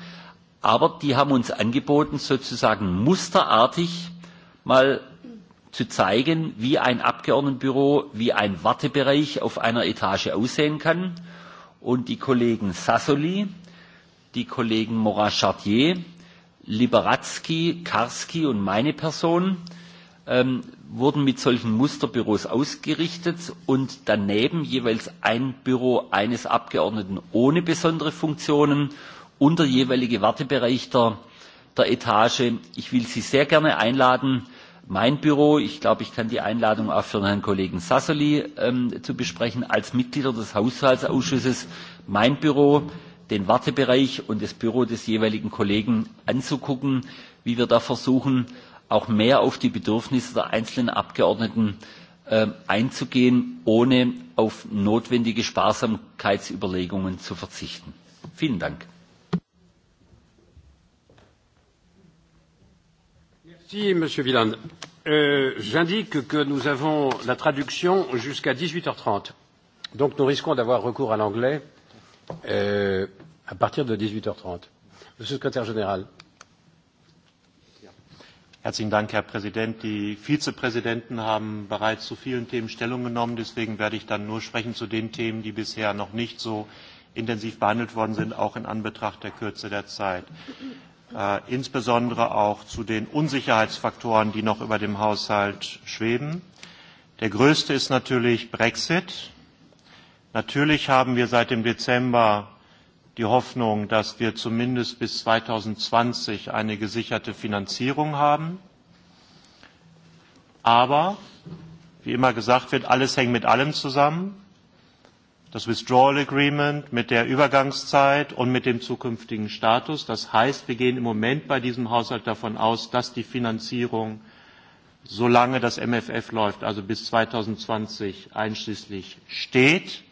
Aber die haben uns angeboten, sozusagen musterartig mal zu zeigen, wie ein Abgeordnetenbüro, wie ein Wartebereich auf einer Etage aussehen kann. Und die Kollegen Sassoli, die Kollegen Morin-Chartier, Liberatzki, Karski und meine Person ähm, wurden mit solchen Musterbüros ausgerichtet und daneben jeweils ein Büro eines Abgeordneten ohne besondere Funktionen und der jeweilige Wartebereich der, der Etage. Ich will Sie sehr gerne einladen, mein Büro, ich glaube, ich kann die Einladung auch für Herrn Kollegen Sassoli ähm, zu besprechen, als Mitglieder des Haushaltsausschusses, mein Büro, den Wartebereich und das Büro des jeweiligen Kollegen anzugucken, wie wir da versuchen, auch mehr auf die Bedürfnisse der einzelnen Abgeordneten äh, einzugehen, ohne auf notwendige Sparsamkeitsüberlegungen zu verzichten. Vielen Dank. Monsieur Villan. Euh, j'indique que nous avons la traduction jusqu'à 18h30. Donc nous risquons d'avoir recours à l'anglais euh, à partir de 18h30. Monsieur le secrétaire général. Herzlichen Dank, Herr Präsident. Die Vizepräsidenten haben bereits zu vielen Themen Stellung genommen. Deswegen werde ich dann nur sprechen zu den Themen, die bisher noch nicht so intensiv behandelt worden sind, auch in Anbetracht der Kürze der Zeit. Äh, insbesondere auch zu den Unsicherheitsfaktoren, die noch über dem Haushalt schweben. Der größte ist natürlich Brexit. Natürlich haben wir seit dem Dezember die Hoffnung, dass wir zumindest bis 2020 eine gesicherte Finanzierung haben. Aber, wie immer gesagt wird, alles hängt mit allem zusammen das Withdrawal Agreement mit der Übergangszeit und mit dem zukünftigen Status. Das heißt, wir gehen im Moment bei diesem Haushalt davon aus, dass die Finanzierung, solange das MFF läuft, also bis 2020 einschließlich steht.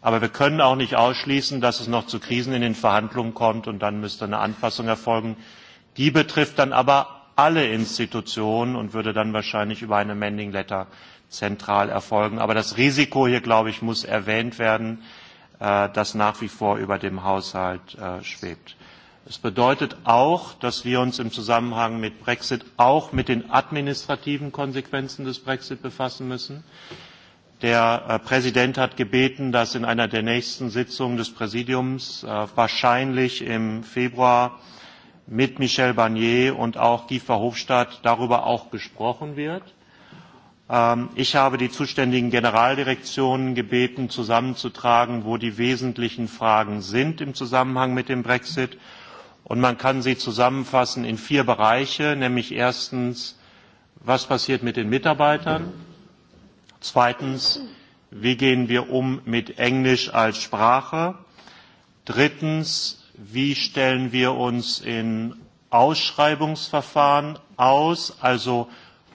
Aber wir können auch nicht ausschließen, dass es noch zu Krisen in den Verhandlungen kommt und dann müsste eine Anpassung erfolgen. Die betrifft dann aber alle Institutionen und würde dann wahrscheinlich über eine Mending Letter zentral erfolgen. Aber das Risiko hier, glaube ich, muss erwähnt werden, äh, das nach wie vor über dem Haushalt äh, schwebt. Es bedeutet auch, dass wir uns im Zusammenhang mit Brexit auch mit den administrativen Konsequenzen des Brexit befassen müssen. Der äh, Präsident hat gebeten, dass in einer der nächsten Sitzungen des Präsidiums wahrscheinlich im Februar mit Michel Barnier und auch Guy Verhofstadt darüber auch gesprochen wird Ähm, ich habe die zuständigen Generaldirektionen gebeten, zusammenzutragen, wo die wesentlichen Fragen sind im Zusammenhang mit dem Brexit. Und man kann sie zusammenfassen in vier Bereiche, nämlich erstens, was passiert mit den Mitarbeitern? Zweitens, wie gehen wir um mit Englisch als Sprache? Drittens, wie stellen wir uns in Ausschreibungsverfahren aus, also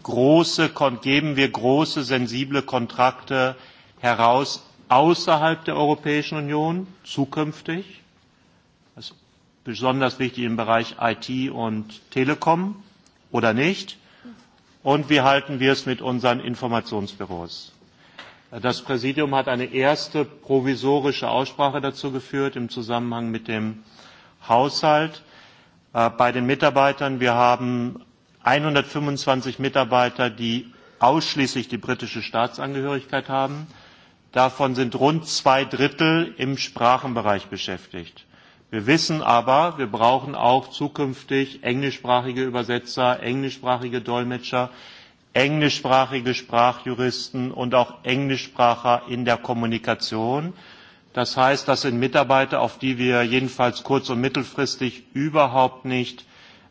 große, geben wir große, sensible Kontrakte heraus außerhalb der Europäischen Union zukünftig. Das ist besonders wichtig im Bereich IT und Telekom oder nicht. Und wie halten wir es mit unseren Informationsbüros? Das Präsidium hat eine erste provisorische Aussprache dazu geführt im Zusammenhang mit dem Haushalt. Äh, bei den Mitarbeitern, wir haben einhundertfünfundzwanzig Mitarbeiter, die ausschließlich die britische Staatsangehörigkeit haben. Davon sind rund zwei Drittel im Sprachenbereich beschäftigt. Wir wissen aber, wir brauchen auch zukünftig englischsprachige Übersetzer, englischsprachige Dolmetscher, englischsprachige Sprachjuristen und auch Englischspracher in der Kommunikation. Das heißt, das sind Mitarbeiter, auf die wir jedenfalls kurz- und mittelfristig überhaupt nicht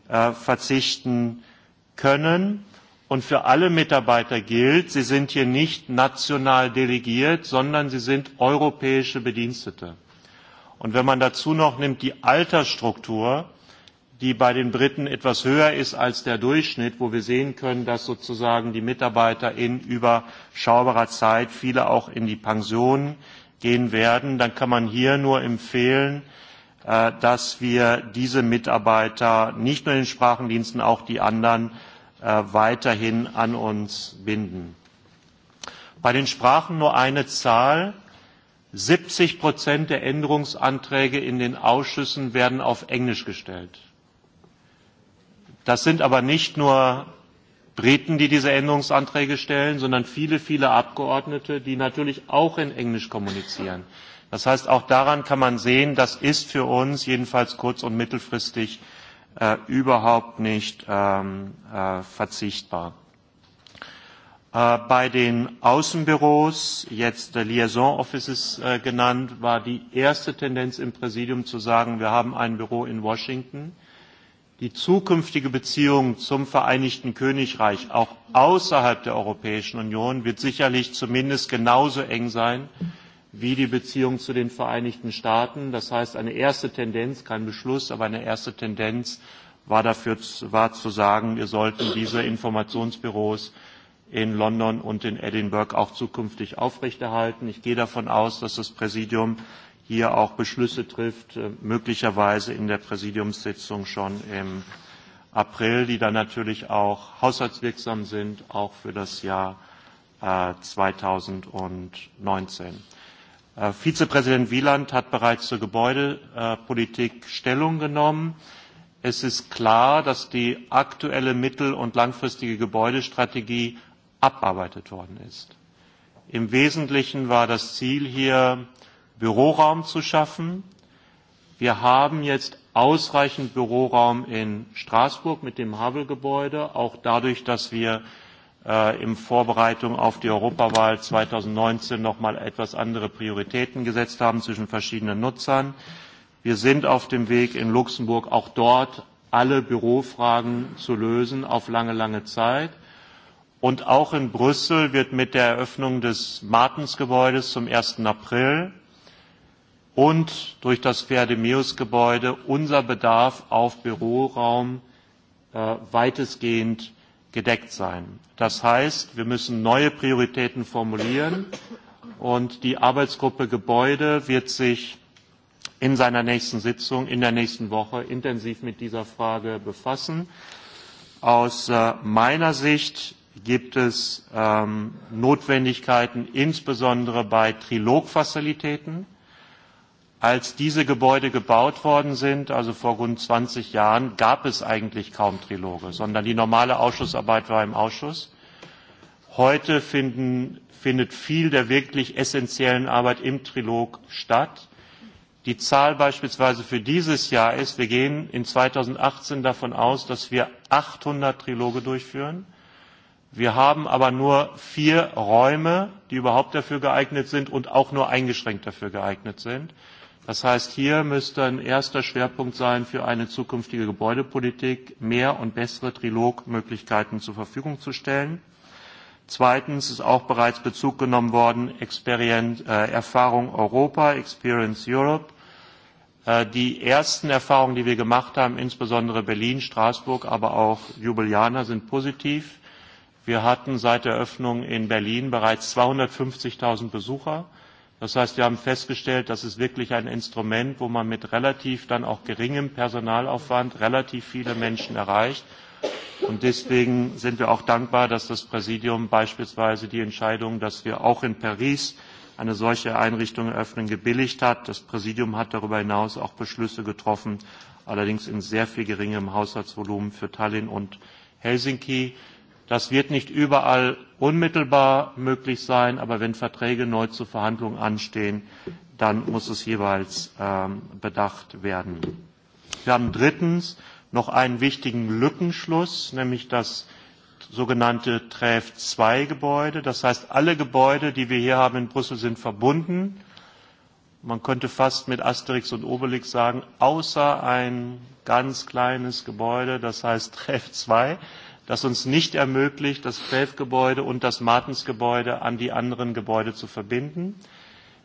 äh, verzichten können. Und für alle Mitarbeiter gilt, sie sind hier nicht national delegiert, sondern sie sind europäische Bedienstete. Und wenn man dazu noch nimmt die Altersstruktur, die bei den Briten etwas höher ist als der Durchschnitt, wo wir sehen können, dass sozusagen die Mitarbeiter in überschaubarer Zeit viele auch in die Pension gehen werden, dann kann man hier nur empfehlen, äh, dass wir diese Mitarbeiter nicht nur in den Sprachendiensten, auch die anderen Äh, weiterhin an uns binden. Bei den Sprachen nur eine Zahl. 70 Prozent der Änderungsanträge in den Ausschüssen werden auf Englisch gestellt. Das sind aber nicht nur Briten, die diese Änderungsanträge stellen, sondern viele, viele Abgeordnete, die natürlich auch in Englisch kommunizieren. Das heißt, auch daran kann man sehen, das ist für uns jedenfalls kurz- und mittelfristig äh, überhaupt nicht ähm, äh, verzichtbar. Äh, bei den Außenbüros, jetzt äh, Liaison Offices äh, genannt, war die erste Tendenz im Präsidium zu sagen, wir haben ein Büro in Washington. Die zukünftige Beziehung zum Vereinigten Königreich, auch außerhalb der Europäischen Union, wird sicherlich zumindest genauso eng sein wie die Beziehung zu den Vereinigten Staaten. Das heißt, eine erste Tendenz, kein Beschluss, aber eine erste Tendenz war dafür war zu sagen, wir sollten diese Informationsbüros in London und in Edinburgh auch zukünftig aufrechterhalten. Ich gehe davon aus, dass das Präsidium hier auch Beschlüsse trifft, äh, möglicherweise in der Präsidiumssitzung schon im April, die dann natürlich auch haushaltswirksam sind, auch für das Jahr 2019. Äh, Äh, Vizepräsident Wieland hat bereits zur Gebäudepolitik äh, Stellung genommen. Es ist klar, dass die aktuelle mittel- und langfristige Gebäudestrategie abarbeitet worden ist. Im Wesentlichen war das Ziel hier, Büroraum zu schaffen. Wir haben jetzt ausreichend Büroraum in Straßburg mit dem Havel-Gebäude, auch dadurch, dass wir Äh, in Vorbereitung auf die Europawahl 2019 mal etwas andere Prioritäten gesetzt haben zwischen verschiedenen Nutzern. Wir sind auf dem Weg in Luxemburg auch dort alle Bürofragen zu lösen auf lange, lange Zeit. Und auch in Brüssel wird mit der Eröffnung des Martensgebäudes zum 1. April und durch das Pferdemius-Gebäude unser Bedarf auf Büroraum äh, weitestgehend gedeckt sein. Das heißt, wir müssen neue Prioritäten formulieren und die Arbeitsgruppe Gebäude wird sich in seiner nächsten Sitzung in der nächsten Woche intensiv mit dieser Frage befassen. Aus äh, meiner Sicht gibt es ähm, Notwendigkeiten, insbesondere bei Trilogfazilitäten als diese Gebäude gebaut worden sind, also vor rund 20 Jahren, gab es eigentlich kaum Triloge, sondern die normale Ausschussarbeit war im Ausschuss. Heute finden, findet viel der wirklich essentiellen Arbeit im Trilog statt. Die Zahl beispielsweise für dieses Jahr ist, wir gehen in 2018 davon aus, dass wir 800 Triloge durchführen. Wir haben aber nur vier Räume, die überhaupt dafür geeignet sind und auch nur eingeschränkt dafür geeignet sind. Das heißt, hier müsste ein erster Schwerpunkt sein, für eine zukünftige Gebäudepolitik mehr und bessere Trilogmöglichkeiten zur Verfügung zu stellen. Zweitens ist auch bereits Bezug genommen worden, äh, Erfahrung Europa, Experience Europe. Äh, die ersten Erfahrungen, die wir gemacht haben, insbesondere Berlin, Straßburg, aber auch Ljubljana, sind positiv. Wir hatten seit der Öffnung in Berlin bereits 250.000 Besucher. Das heißt, wir haben festgestellt, das ist wirklich ein Instrument, wo man mit relativ dann auch geringem Personalaufwand relativ viele Menschen erreicht. Und deswegen sind wir auch dankbar, dass das Präsidium beispielsweise die Entscheidung, dass wir auch in Paris eine solche Einrichtung eröffnen, gebilligt hat. Das Präsidium hat darüber hinaus auch Beschlüsse getroffen, allerdings in sehr viel geringerem Haushaltsvolumen für Tallinn und Helsinki. Das wird nicht überall unmittelbar möglich sein, aber wenn Verträge neu zu Verhandlungen anstehen, dann muss es jeweils ähm, bedacht werden. Wir haben drittens noch einen wichtigen Lückenschluss, nämlich das sogenannte TREF 2 Gebäude. Das heißt, alle Gebäude, die wir hier haben in Brüssel, sind verbunden. Man könnte fast mit Asterix und Obelix sagen, außer ein ganz kleines Gebäude, das heißt TREF 2 das uns nicht ermöglicht, das felf und das Martensgebäude an die anderen Gebäude zu verbinden.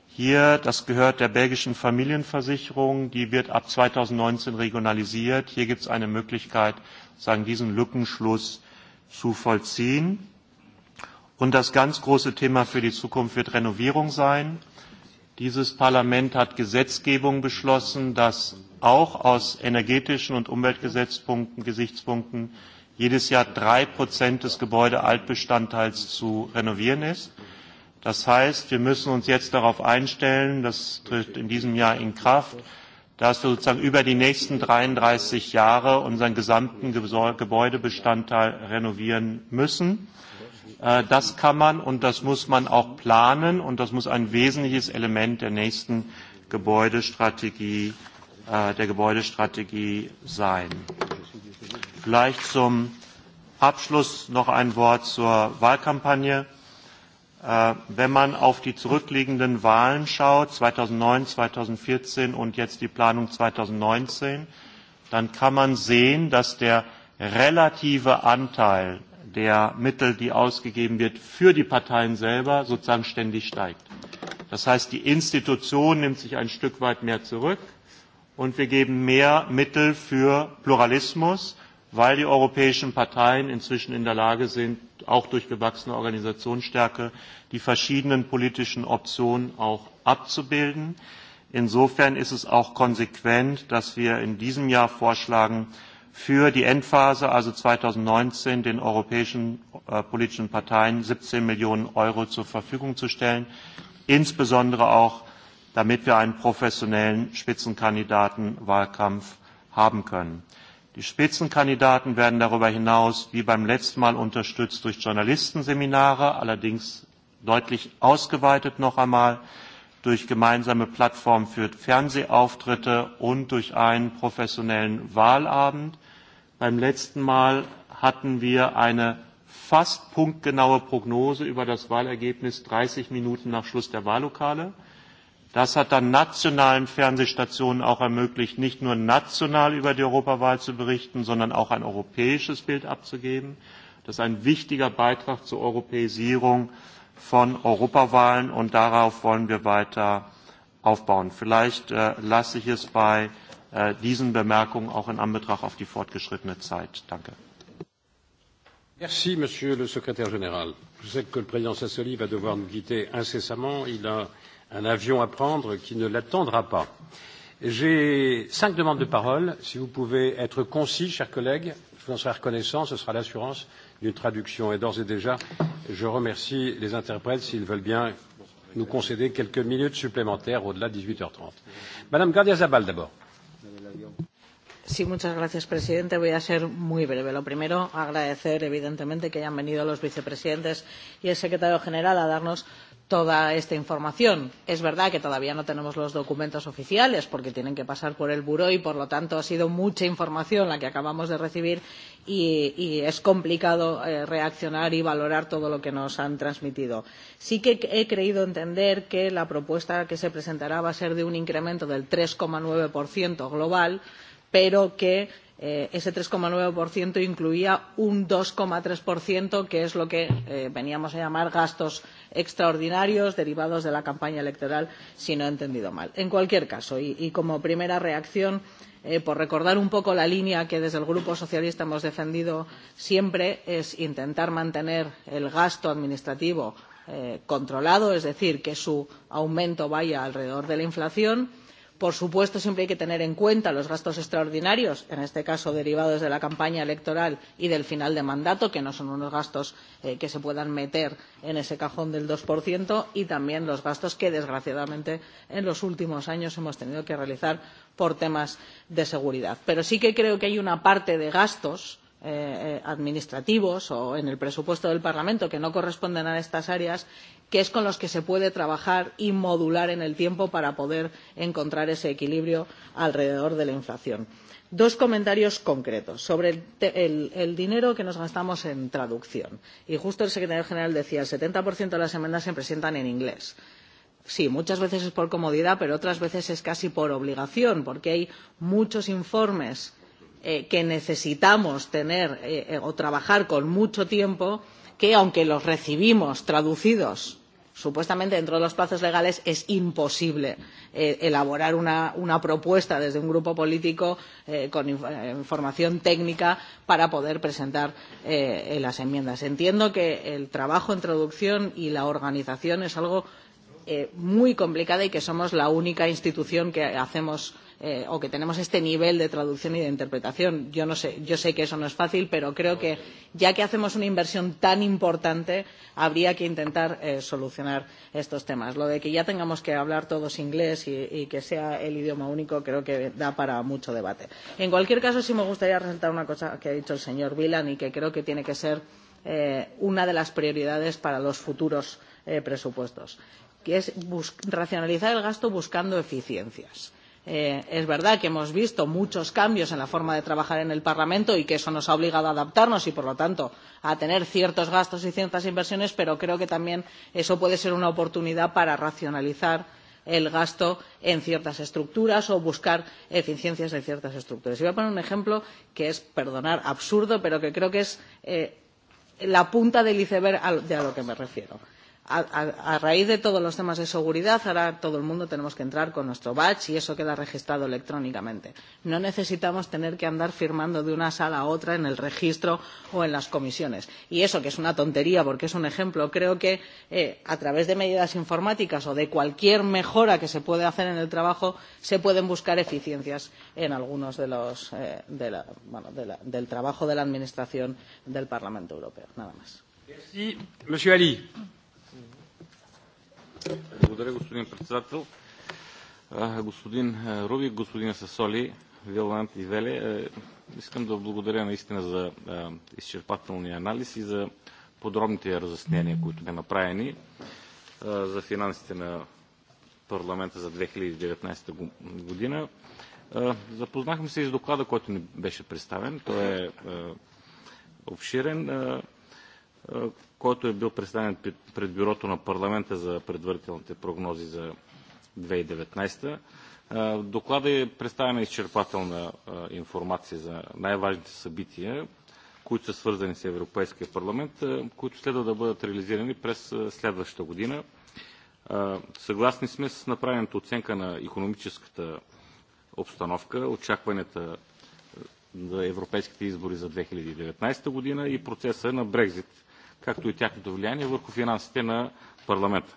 Hier, das gehört der belgischen Familienversicherung, die wird ab 2019 regionalisiert. Hier gibt es eine Möglichkeit, sagen, diesen Lückenschluss zu vollziehen. Und das ganz große Thema für die Zukunft wird Renovierung sein. Dieses Parlament hat Gesetzgebung beschlossen, dass auch aus energetischen und Umweltgesichtspunkten jedes Jahr drei Prozent des Gebäudealtbestandteils zu renovieren ist. Das heißt, wir müssen uns jetzt darauf einstellen, das tritt in diesem Jahr in Kraft, dass wir sozusagen über die nächsten 33 Jahre unseren gesamten Gebäudebestandteil renovieren müssen. Äh, das kann man und das muss man auch planen und das muss ein wesentliches Element der nächsten Gebäudestrategie, äh, der Gebäudestrategie sein. Vielleicht zum Abschluss noch ein Wort zur Wahlkampagne. Äh, wenn man auf die zurückliegenden Wahlen schaut, 2009, 2014 und jetzt die Planung 2019, dann kann man sehen, dass der relative Anteil der Mittel, die ausgegeben wird, für die Parteien selber sozusagen ständig steigt. Das heißt, die Institution nimmt sich ein Stück weit mehr zurück und wir geben mehr Mittel für Pluralismus, weil die europäischen Parteien inzwischen in der Lage sind, auch durch gewachsene Organisationsstärke die verschiedenen politischen Optionen auch abzubilden. Insofern ist es auch konsequent, dass wir in diesem Jahr vorschlagen, für die Endphase, also 2019, den europäischen äh, politischen Parteien 17 Millionen Euro zur Verfügung zu stellen, insbesondere auch, damit wir einen professionellen Spitzenkandidatenwahlkampf haben können. Die Spitzenkandidaten werden darüber hinaus wie beim letzten Mal unterstützt durch Journalistenseminare, allerdings deutlich ausgeweitet noch einmal, durch gemeinsame Plattformen für Fernsehauftritte und durch einen professionellen Wahlabend. Beim letzten Mal hatten wir eine fast punktgenaue Prognose über das Wahlergebnis 30 Minuten nach Schluss der Wahllokale. Das hat dann nationalen Fernsehstationen auch ermöglicht, nicht nur national über die Europawahl zu berichten, sondern auch ein europäisches Bild abzugeben. Das ist ein wichtiger Beitrag zur Europäisierung von Europawahlen und darauf wollen wir weiter aufbauen. Vielleicht äh, lasse ich es bei äh, diesen Bemerkungen auch in Anbetracht auf die fortgeschrittene Zeit. Danke. Merci, Monsieur le Secrétaire général. Je sais que le président Sassoli va devoir nous quitter incessamment. Il a un avion à prendre qui ne l'attendra pas. J'ai cinq demandes de parole. Si vous pouvez être concis, chers collègues, je vous en serai reconnaissant. Ce sera l'assurance d'une traduction. Et d'ores et déjà, je remercie les interprètes s'ils veulent bien nous concéder quelques minutes supplémentaires au-delà de 18h30. Madame Gardia Zabal, d'abord. Sí, muchas gracias, presidente. Voy a ser muy breve. Lo primero, agradecer, evidentemente, que hayan venido los vicepresidentes y el secretario general a darnos toda esta información. Es verdad que todavía no tenemos los documentos oficiales porque tienen que pasar por el buró y, por lo tanto, ha sido mucha información la que acabamos de recibir y, y es complicado eh, reaccionar y valorar todo lo que nos han transmitido. Sí que he creído entender que la propuesta que se presentará va a ser de un incremento del 3,9% global, pero que eh, ese 3,9% incluía un 2,3%, que es lo que eh, veníamos a llamar gastos extraordinarios derivados de la campaña electoral, si no he entendido mal. En cualquier caso, y, y como primera reacción, eh, por recordar un poco la línea que desde el Grupo Socialista hemos defendido siempre, es intentar mantener el gasto administrativo eh, controlado, es decir, que su aumento vaya alrededor de la inflación Por supuesto, siempre hay que tener en cuenta los gastos extraordinarios, en este caso derivados de la campaña electoral y del final de mandato, que no son unos gastos eh, que se puedan meter en ese cajón del 2%, y también los gastos que, desgraciadamente, en los últimos años hemos tenido que realizar por temas de seguridad. Pero sí que creo que hay una parte de gastos Eh, eh, administrativos o en el presupuesto del Parlamento que no corresponden a estas áreas, que es con los que se puede trabajar y modular en el tiempo para poder encontrar ese equilibrio alrededor de la inflación. Dos comentarios concretos sobre el, el, el dinero que nos gastamos en traducción. Y justo el secretario general decía el 70% de las enmiendas se presentan en inglés. Sí, muchas veces es por comodidad, pero otras veces es casi por obligación, porque hay muchos informes eh, que necesitamos tener eh, eh, o trabajar con mucho tiempo, que aunque los recibimos traducidos supuestamente dentro de los plazos legales es imposible eh, elaborar una, una propuesta desde un grupo político eh, con inf eh, información técnica para poder presentar eh, eh, las enmiendas. Entiendo que el trabajo en traducción y la organización es algo eh, muy complicado y que somos la única institución que hacemos eh, o que tenemos este nivel de traducción y de interpretación. Yo, no sé, yo sé que eso no es fácil, pero creo que ya que hacemos una inversión tan importante, habría que intentar eh, solucionar estos temas. Lo de que ya tengamos que hablar todos inglés y, y que sea el idioma único creo que da para mucho debate. En cualquier caso, sí me gustaría resaltar una cosa que ha dicho el señor Vilan y que creo que tiene que ser eh, una de las prioridades para los futuros eh, presupuestos, que es racionalizar el gasto buscando eficiencias Eh, es verdad que hemos visto muchos cambios en la forma de trabajar en el Parlamento y que eso nos ha obligado a adaptarnos y, por lo tanto, a tener ciertos gastos y ciertas inversiones, pero creo que también eso puede ser una oportunidad para racionalizar el gasto en ciertas estructuras o buscar eficiencias en ciertas estructuras. Y voy a poner un ejemplo que es, perdonar, absurdo, pero que creo que es eh, la punta del iceberg a, a lo que me refiero a, a, a raíz de todos los temas de seguridad, ahora todo el mundo tenemos que entrar con nuestro badge y eso queda registrado electrónicamente. No necesitamos tener que andar firmando de una sala a otra en el registro o en las comisiones. Y eso, que es una tontería porque es un ejemplo, creo que eh, a través de medidas informáticas o de cualquier mejora que se puede hacer en el trabajo, se pueden buscar eficiencias en algunos de los, eh, de la, bueno, de la, del trabajo de la Administración del Parlamento Europeo. Nada más. Merci. Monsieur Ali. Благодаря, господин председател. Господин Рубик, господин Сасоли, Виланд и Веле, искам да благодаря наистина за изчерпателния анализ и за подробните разяснения, които бе направени за финансите на парламента за 2019 година. Запознахме се и с доклада, който ни беше представен. Той е обширен който е бил представен пред бюрото на парламента за предварителните прогнози за 2019. В доклада е представена изчерпателна информация за най-важните събития, които са свързани с Европейския парламент, които следва да бъдат реализирани през следващата година. Съгласни сме с направената оценка на економическата обстановка, очакванията за европейските избори за 2019 година и процеса на Брекзит, както и тяхното влияние върху финансите на парламента.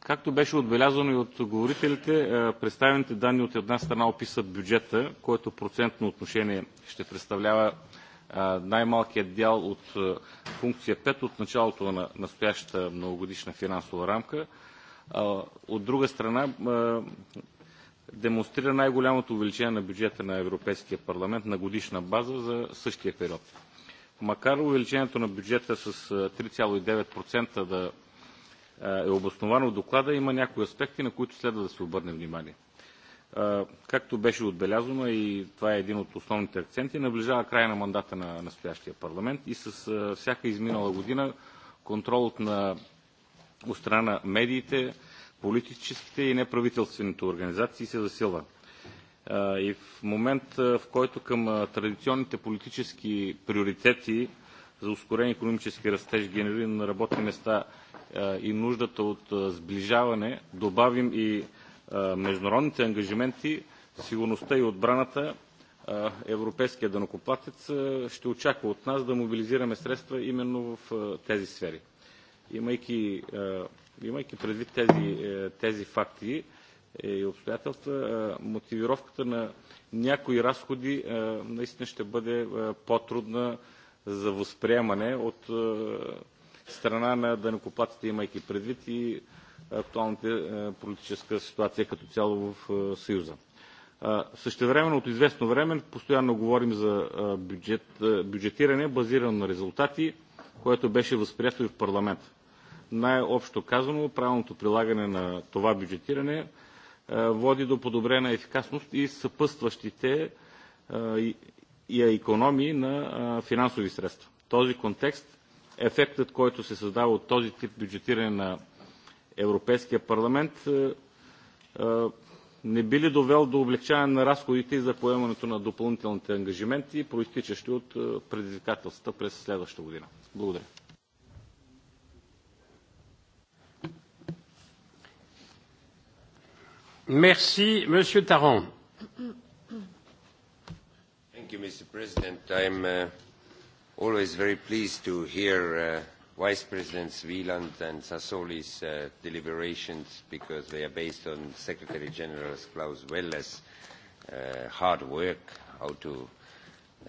Както беше отбелязано и от говорителите, представените данни от една страна описват бюджета, който процентно отношение ще представлява най-малкият дял от функция 5 от началото на настоящата многогодишна финансова рамка. От друга страна, демонстрира най-голямото увеличение на бюджета на Европейския парламент на годишна база за същия период макар увеличението на бюджета с 3,9% да е обосновано в доклада, има някои аспекти, на които следва да се обърне внимание. Както беше отбелязано и това е един от основните акценти, наближава края на мандата на настоящия парламент и с всяка изминала година контролът на от страна медиите, политическите и неправителствените организации се засилва и в момент, в който към традиционните политически приоритети за ускорен економически растеж, генериране на работни места и нуждата от сближаване, добавим и международните ангажименти, сигурността и отбраната, европейския дънокоплатец ще очаква от нас да мобилизираме средства именно в тези сфери. Имайки, имайки предвид тези, тези факти, и обстоятелства, мотивировката на някои разходи наистина ще бъде по-трудна за възприемане от страна на дънекоплатите, имайки предвид и актуалната политическа ситуация като цяло в Съюза. Същевременно от известно време постоянно говорим за бюджет, бюджетиране, базирано на резултати, което беше възприето и в парламента. Най-общо казано, правилното прилагане на това бюджетиране води до подобрена ефикасност и съпъстващите я економии на финансови средства. В този контекст ефектът, който се създава от този тип бюджетиране на Европейския парламент не би ли довел до облегчаване на разходите и за поемането на допълнителните ангажименти, проистичащи от предизвикателствата през следващата година? Благодаря. Merci, Monsieur Tarrant. Thank you, Mr. President. I'm uh, always very pleased to hear uh, Vice Presidents Wieland and Sassoli's uh, deliberations because they are based on Secretary General Klaus Welle's uh, hard work, how to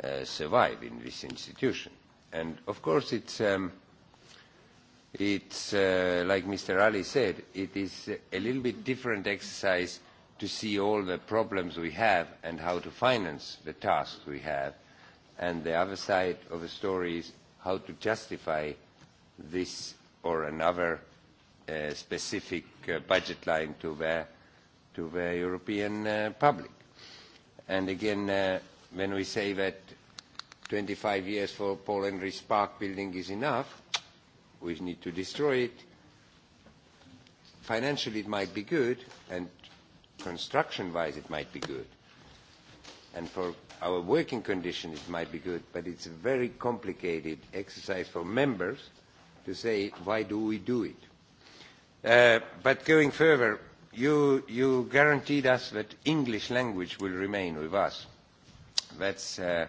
uh, survive in this institution. And of course, it's um, it's uh, like Mr. Ali said, it is a little bit different exercise to see all the problems we have and how to finance the tasks we have. And the other side of the story is how to justify this or another uh, specific uh, budget line to the, to the European uh, public. And again, uh, when we say that 25 years for Poland Risk Park building is enough, we need to destroy it. Financially, it might be good, and construction-wise, it might be good. And for our working conditions, it might be good, but it's a very complicated exercise for members to say, why do we do it? Uh, but going further, you, you guaranteed us that English language will remain with us. That's uh,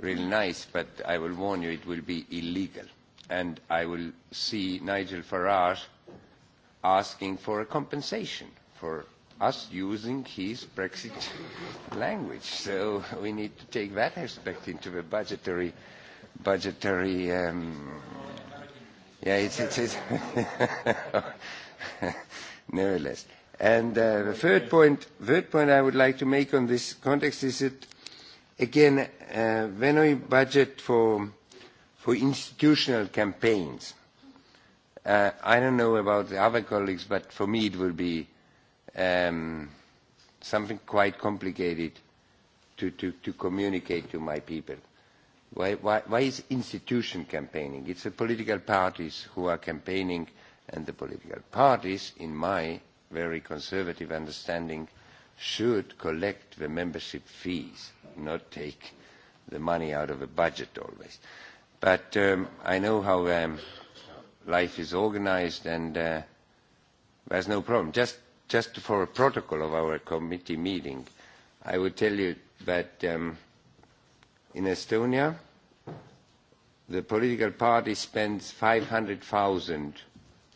really nice, but I will warn you, it will be illegal and I will see Nigel Farage asking for a compensation for us using his Brexit language. So we need to take that aspect into the budgetary, budgetary. Um, yeah, it's it's, it's nevertheless. And uh, the third point, third point I would like to make on this context is that, again, uh, when we budget for for institutional campaigns. Uh, I don't know about the other colleagues, but for me it will be um, something quite complicated to, to, to communicate to my people. Why, why, why is institution campaigning? It's the political parties who are campaigning, and the political parties, in my very conservative understanding, should collect the membership fees, not take the money out of the budget always. Uh, But um, I know how um, life is organized, and uh, there's no problem. Just, just for a protocol of our committee meeting, I would tell you that um, in Estonia, the political party spends 500,000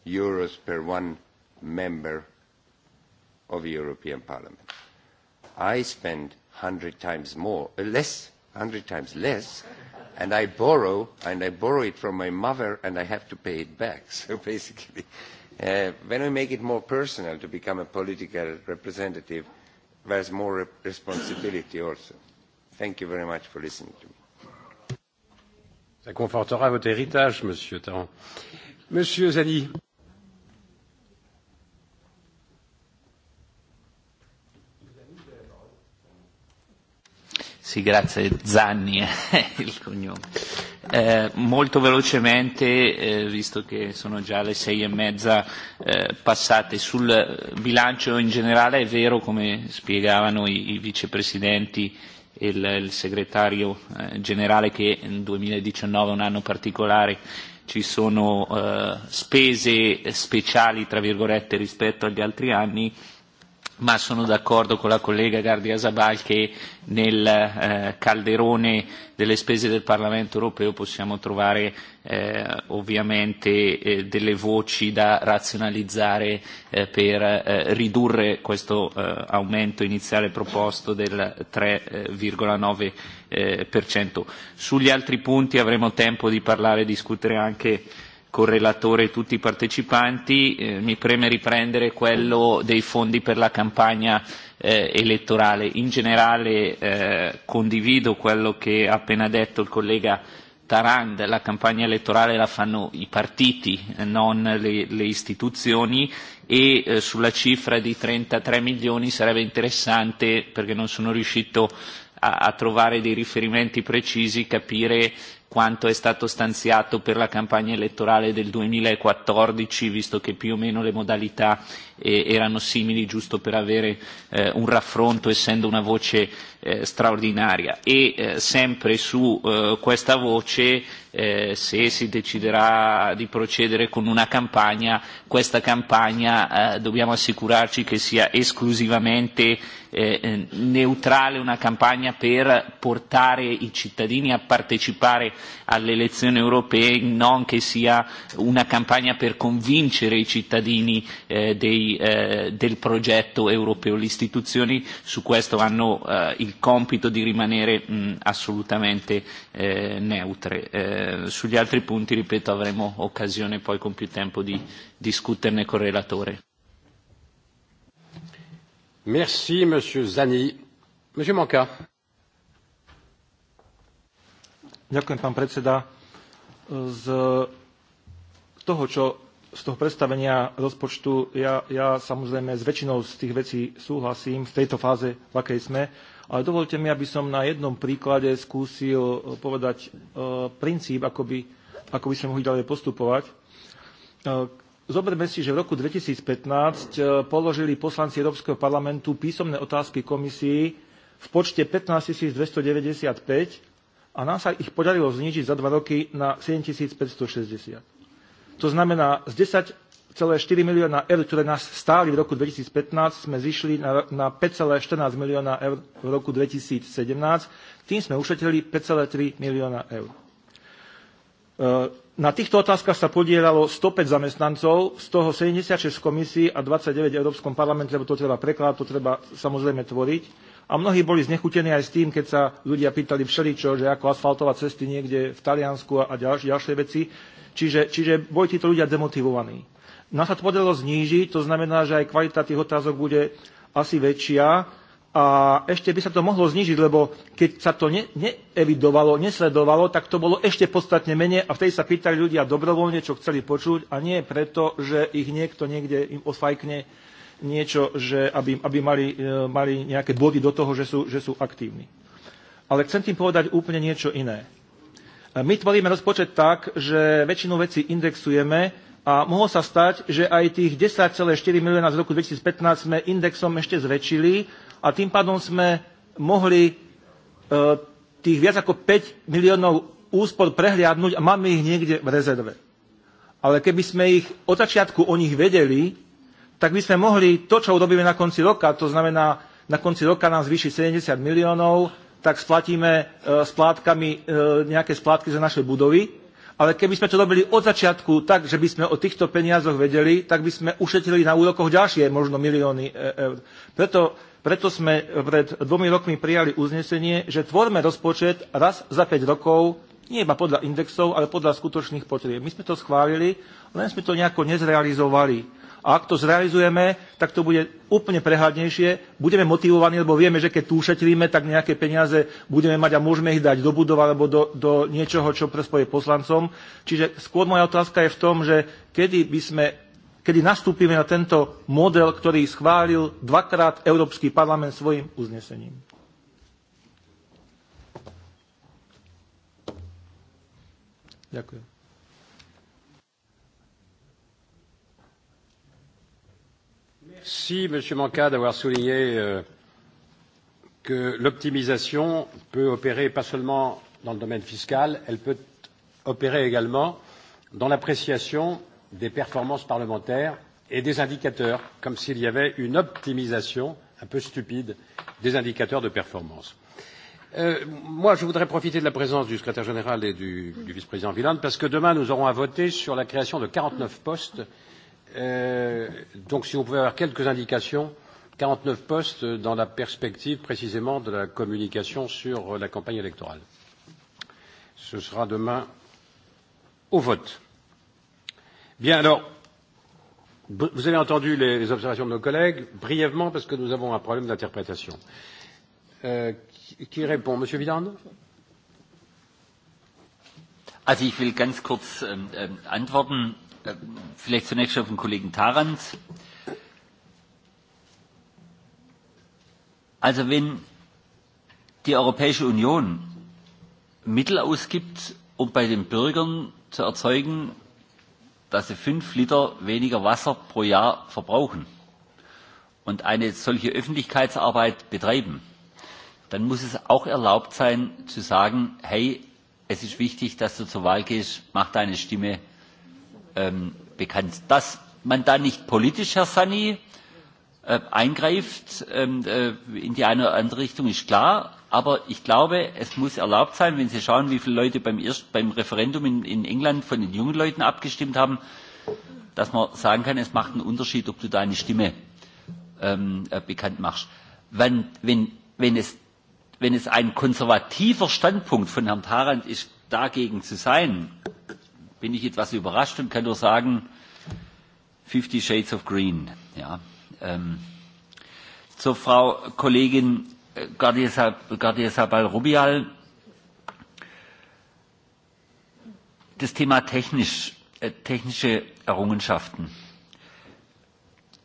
euros per one member of the European Parliament. I spend 100 times more, uh, less, 100 times less and I borrow, and I borrow it from my mother, and I have to pay it back. So basically, uh, when we make it more personal to become a political representative, there's more re responsibility also. Thank you very much for listening to me. Ça confortera votre héritage, Monsieur Tarrant. Monsieur Zani. Sì, grazie. Zanni è il cognome. Eh, molto velocemente, eh, visto che sono già le sei e mezza eh, passate, sul bilancio in generale è vero, come spiegavano i, i vicepresidenti e il, il segretario eh, generale, che in 2019 è un anno particolare ci sono eh, spese speciali, tra virgolette, rispetto agli altri anni ma sono d'accordo con la collega Gardia Zabal che nel eh, calderone delle spese del Parlamento europeo possiamo trovare eh, ovviamente eh, delle voci da razionalizzare eh, per eh, ridurre questo eh, aumento iniziale proposto del 3,9%. Eh, Sugli altri punti avremo tempo di parlare e discutere anche Correlatore e tutti i partecipanti, eh, mi preme riprendere quello dei fondi per la campagna eh, elettorale. In generale eh, condivido quello che ha appena detto il collega Tarand, la campagna elettorale la fanno i partiti, eh, non le, le istituzioni e eh, sulla cifra di 33 milioni sarebbe interessante, perché non sono riuscito a, a trovare dei riferimenti precisi, capire quanto è stato stanziato per la campagna elettorale del 2014, visto che più o meno le modalità eh, erano simili, giusto per avere eh, un raffronto, essendo una voce eh, straordinaria. E eh, sempre su eh, questa voce, eh, se si deciderà di procedere con una campagna, questa campagna eh, dobbiamo assicurarci che sia esclusivamente Eh, eh, neutrale una campagna per portare i cittadini a partecipare alle elezioni europee, non che sia una campagna per convincere i cittadini eh, dei, eh, del progetto europeo. Le istituzioni su questo hanno eh, il compito di rimanere mh, assolutamente eh, neutre. Eh, sugli altri punti, ripeto, avremo occasione poi con più tempo di discuterne col relatore pán predseda. Z toho, čo z toho predstavenia rozpočtu, ja, ja samozrejme s väčšinou z tých vecí súhlasím v tejto fáze, v akej sme, ale dovolte mi, aby som na jednom príklade skúsil povedať e, princíp, ako by, ako by sme mohli ďalej postupovať. E, Zoberme si, že v roku 2015 eh, položili poslanci Európskeho parlamentu písomné otázky komisii v počte 15 295 a nám sa ich podarilo znižiť za dva roky na 7 560. To znamená, z 10,4 milióna eur, ktoré nás stáli v roku 2015, sme zišli na, 5,14 milióna eur v roku 2017. Tým sme ušetrili 5,3 milióna eur. Eh, na týchto otázkach sa podielalo 105 zamestnancov, z toho 76 komisí a 29 v Európskom parlamente, lebo to treba prekladať, to treba samozrejme tvoriť. A mnohí boli znechutení aj s tým, keď sa ľudia pýtali všeličo, že ako asfaltovať cesty niekde v Taliansku a ďalšie, ďalšie veci. Čiže, čiže boli títo ľudia demotivovaní. Nás sa to podarilo znížiť, to znamená, že aj kvalita tých otázok bude asi väčšia a ešte by sa to mohlo znižiť, lebo keď sa to ne, neevidovalo, nesledovalo, tak to bolo ešte podstatne menej a vtedy sa pýtali ľudia dobrovoľne, čo chceli počuť a nie preto, že ich niekto niekde im osvajkne niečo, že aby, aby mali, e, mali nejaké body do toho, že sú, že sú aktívni. Ale chcem tým povedať úplne niečo iné. E, my tvoríme rozpočet tak, že väčšinu vecí indexujeme, a mohlo sa stať, že aj tých 10,4 milióna z roku 2015 sme indexom ešte zväčšili a tým pádom sme mohli e, tých viac ako 5 miliónov úspor prehliadnúť a máme ich niekde v rezerve. Ale keby sme ich od začiatku o nich vedeli, tak by sme mohli to, čo urobíme na konci roka, to znamená, na konci roka nám zvýši 70 miliónov, tak splatíme e, splátkami e, nejaké splátky za naše budovy, ale keby sme to robili od začiatku tak, že by sme o týchto peniazoch vedeli, tak by sme ušetrili na úrokoch ďalšie možno milióny eur. E, preto, preto sme pred dvomi rokmi prijali uznesenie, že tvorme rozpočet raz za 5 rokov, nie iba podľa indexov, ale podľa skutočných potrieb. My sme to schválili, len sme to nejako nezrealizovali a ak to zrealizujeme, tak to bude úplne prehľadnejšie. Budeme motivovaní, lebo vieme, že keď tu ušetríme, tak nejaké peniaze budeme mať a môžeme ich dať do budova alebo do, do niečoho, čo prespoje poslancom. Čiže skôr moja otázka je v tom, že kedy by sme kedy nastúpime na tento model, ktorý schválil dvakrát Európsky parlament svojim uznesením. Ďakujem. Merci, Monsieur Manca, d'avoir souligné euh, que l'optimisation peut opérer pas seulement dans le domaine fiscal, elle peut opérer également dans l'appréciation des performances parlementaires et des indicateurs, comme s'il y avait une optimisation un peu stupide des indicateurs de performance. Euh, moi, je voudrais profiter de la présence du secrétaire général et du, du vice-président Villand parce que demain, nous aurons à voter sur la création de 49 postes Euh, donc, si on pouvait avoir quelques indications, 49 postes dans la perspective précisément de la communication sur la campagne électorale. Ce sera demain au vote. Bien, alors, vous avez entendu les, les observations de nos collègues, brièvement, parce que nous avons un problème d'interprétation. Euh, qui, qui répond Monsieur Vidande Also ich will ganz kurz ähm, ähm antworten. Äh, vielleicht zunächst auf den Kollegen Tarand. Also wenn die Europäische Union Mittel ausgibt, um bei den Bürgern zu erzeugen, dass sie fünf Liter weniger Wasser pro Jahr verbrauchen und eine solche Öffentlichkeitsarbeit betreiben, dann muss es auch erlaubt sein zu sagen, hey, es ist wichtig, dass du zur Wahl gehst, mach deine Stimme Ähm, bekannt. Dass man da nicht politisch, Herr Sani, äh, eingreift ähm, äh, in die eine oder andere Richtung, ist klar. Aber ich glaube, es muss erlaubt sein, wenn Sie schauen, wie viele Leute beim, erst, beim Referendum in, in England von den jungen Leuten abgestimmt haben, dass man sagen kann, es macht einen Unterschied, ob du deine Stimme ähm, äh, bekannt machst. Wenn, wenn, wenn, es, wenn es ein konservativer Standpunkt von Herrn Tarand ist, dagegen zu sein, bin ich etwas überrascht und kann nur sagen, Fifty Shades of Green. Ja. Ähm, zur Frau Kollegin äh, Gardia Sabal-Rubial. Das Thema technisch, äh, technische Errungenschaften.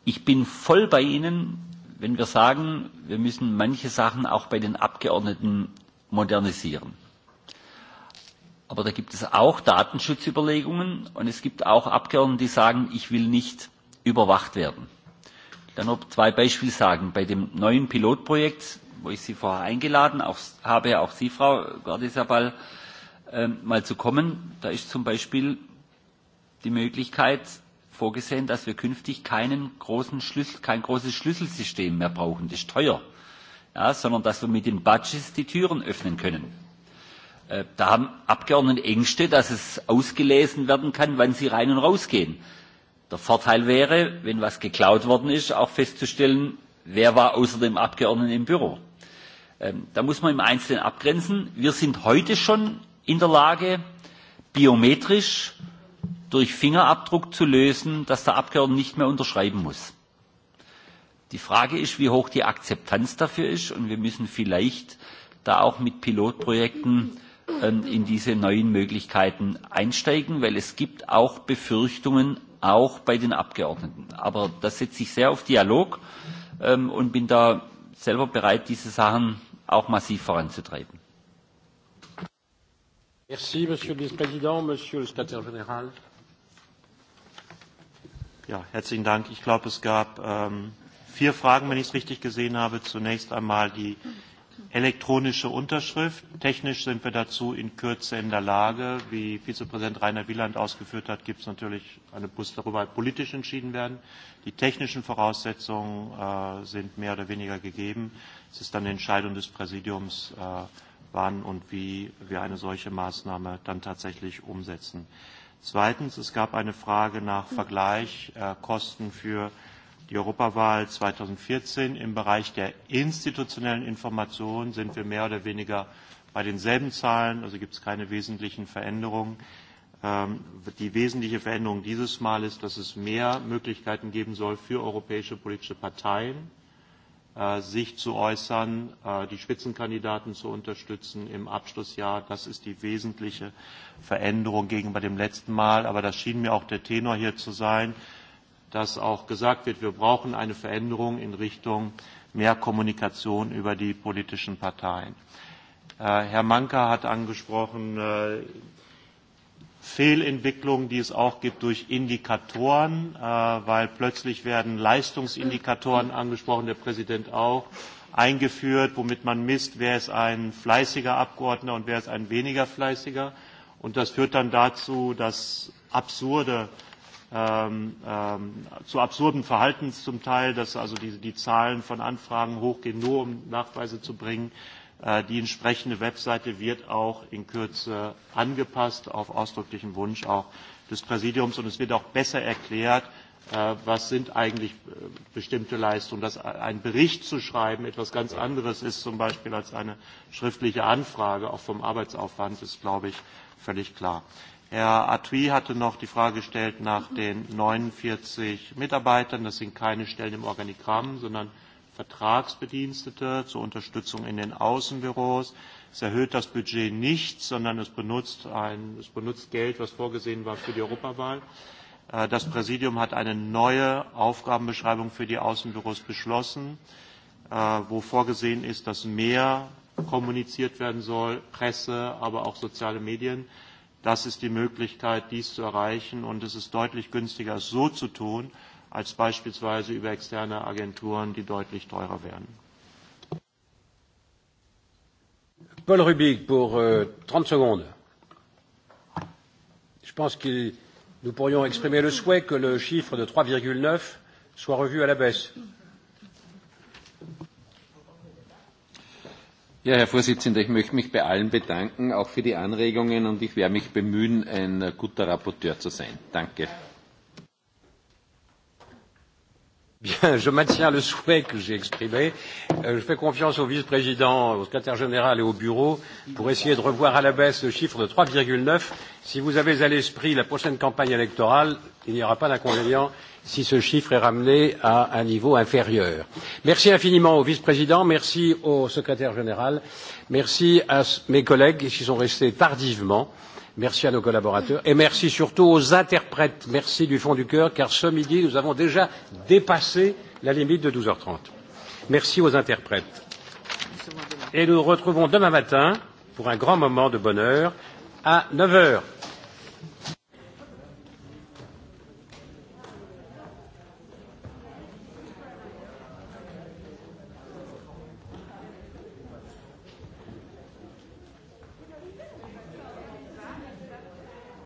Ich bin voll bei Ihnen, wenn wir sagen, wir müssen manche Sachen auch bei den Abgeordneten modernisieren. Aber da gibt es auch Datenschutzüberlegungen und es gibt auch Abgeordnete, die sagen, ich will nicht überwacht werden. Ich kann nur zwei Beispiele sagen. Bei dem neuen Pilotprojekt, wo ich Sie vorher eingeladen auch, habe, auch Sie, Frau Gardisabal, äh, mal zu kommen, da ist zum Beispiel die Möglichkeit vorgesehen, dass wir künftig keinen großen Schlüssel, kein großes Schlüsselsystem mehr brauchen. Das ist teuer. Ja, sondern dass wir mit den Budgets die Türen öffnen können Äh, da haben Abgeordnete Ängste, dass es ausgelesen werden kann, wann sie rein und rausgehen. Der Vorteil wäre, wenn was geklaut worden ist, auch festzustellen, wer war außer dem Abgeordneten im Büro. Ähm, da muss man im Einzelnen abgrenzen. Wir sind heute schon in der Lage, biometrisch durch Fingerabdruck zu lösen, dass der Abgeordnete nicht mehr unterschreiben muss. Die Frage ist, wie hoch die Akzeptanz dafür ist, und wir müssen vielleicht da auch mit Pilotprojekten in diese neuen Möglichkeiten einsteigen, weil es gibt auch Befürchtungen, auch bei den Abgeordneten. Aber da setze ich sehr auf Dialog ähm, und bin da selber bereit, diese Sachen auch massiv voranzutreiben. Merci, Monsieur le président Monsieur le Secrétaire Général. Ja, herzlichen Dank. Ich glaube, es gab ähm, vier Fragen, wenn ich es richtig gesehen habe. Zunächst einmal die elektronische Unterschrift. Technisch sind wir dazu in Kürze in der Lage. Wie Vizepräsident Rainer Wieland ausgeführt hat, gibt es natürlich eine Bus darüber politisch entschieden werden. Die technischen Voraussetzungen äh, sind mehr oder weniger gegeben. Es ist dann eine Entscheidung des Präsidiums, äh, wann und wie wir eine solche Maßnahme dann tatsächlich umsetzen. Zweitens, es gab eine Frage nach Vergleich äh, Kosten für die Europawahl 2014. Im Bereich der institutionellen Information sind wir mehr oder weniger bei denselben Zahlen, also gibt es keine wesentlichen Veränderungen. Ähm, die wesentliche Veränderung dieses Mal ist, dass es mehr Möglichkeiten geben soll für europäische politische Parteien, äh, sich zu äußern, äh, die Spitzenkandidaten zu unterstützen im Abschlussjahr. Das ist die wesentliche Veränderung gegenüber dem letzten Mal. Aber das schien mir auch der Tenor hier zu sein dass auch gesagt wird, wir brauchen eine Veränderung in Richtung mehr Kommunikation über die politischen Parteien. Äh, Herr Manka hat angesprochen, äh, Fehlentwicklungen, die es auch gibt durch Indikatoren, äh, weil plötzlich werden Leistungsindikatoren angesprochen, der Präsident auch, eingeführt, womit man misst, wer ist ein fleißiger Abgeordneter und wer ist ein weniger fleißiger. Und das führt dann dazu, dass absurde Ähm, ähm, zu absurden Verhaltens zum Teil, dass also die, die Zahlen von Anfragen hochgehen, nur um Nachweise zu bringen. Äh, die entsprechende Webseite wird auch in Kürze angepasst auf ausdrücklichen Wunsch auch des Präsidiums und es wird auch besser erklärt, äh, was sind eigentlich äh, bestimmte Leistungen. Dass ein Bericht zu schreiben etwas ganz anderes ist zum Beispiel als eine schriftliche Anfrage, auch vom Arbeitsaufwand, ist, glaube ich, völlig klar. Herr Atui hatte noch die Frage gestellt nach den 49 Mitarbeitern. Das sind keine Stellen im Organigramm, sondern Vertragsbedienstete zur Unterstützung in den Außenbüros. Es erhöht das Budget nicht, sondern es benutzt, ein, es benutzt Geld, was vorgesehen war für die Europawahl. Äh, das Präsidium hat eine neue Aufgabenbeschreibung für die Außenbüros beschlossen, äh, wo vorgesehen ist, dass mehr kommuniziert werden soll, Presse, aber auch soziale Medien. Das ist die Möglichkeit, dies zu erreichen. Und es ist deutlich günstiger, es so zu tun, als beispielsweise über externe Agenturen, die deutlich teurer werden. Paul Rubig pour euh, 30 secondes. Je pense que nous pourrions exprimer le souhait que le chiffre de 3,9 soit revu à la baisse. Ja, Herr Vorsitzender, ich möchte mich bei allen bedanken, auch für die Anregungen, und ich werde mich bemühen, ein guter Rapporteur zu sein. Danke. Bien, je maintiens le souhait que j'ai exprimé. Euh, je fais confiance au vice-président, au secrétaire général et au bureau pour essayer de revoir à la baisse le chiffre de 3,9. Si vous avez à l'esprit la prochaine campagne électorale, il n'y aura pas d'inconvénient si ce chiffre est ramené à un niveau inférieur. Merci infiniment au vice-président, merci au secrétaire général, merci à mes collègues qui sont restés tardivement. Merci à nos collaborateurs et merci surtout aux interprètes. Merci du fond du cœur car ce midi, nous avons déjà dépassé la limite de 12h30. Merci aux interprètes. Et nous retrouvons demain matin pour un grand moment de bonheur à 9h.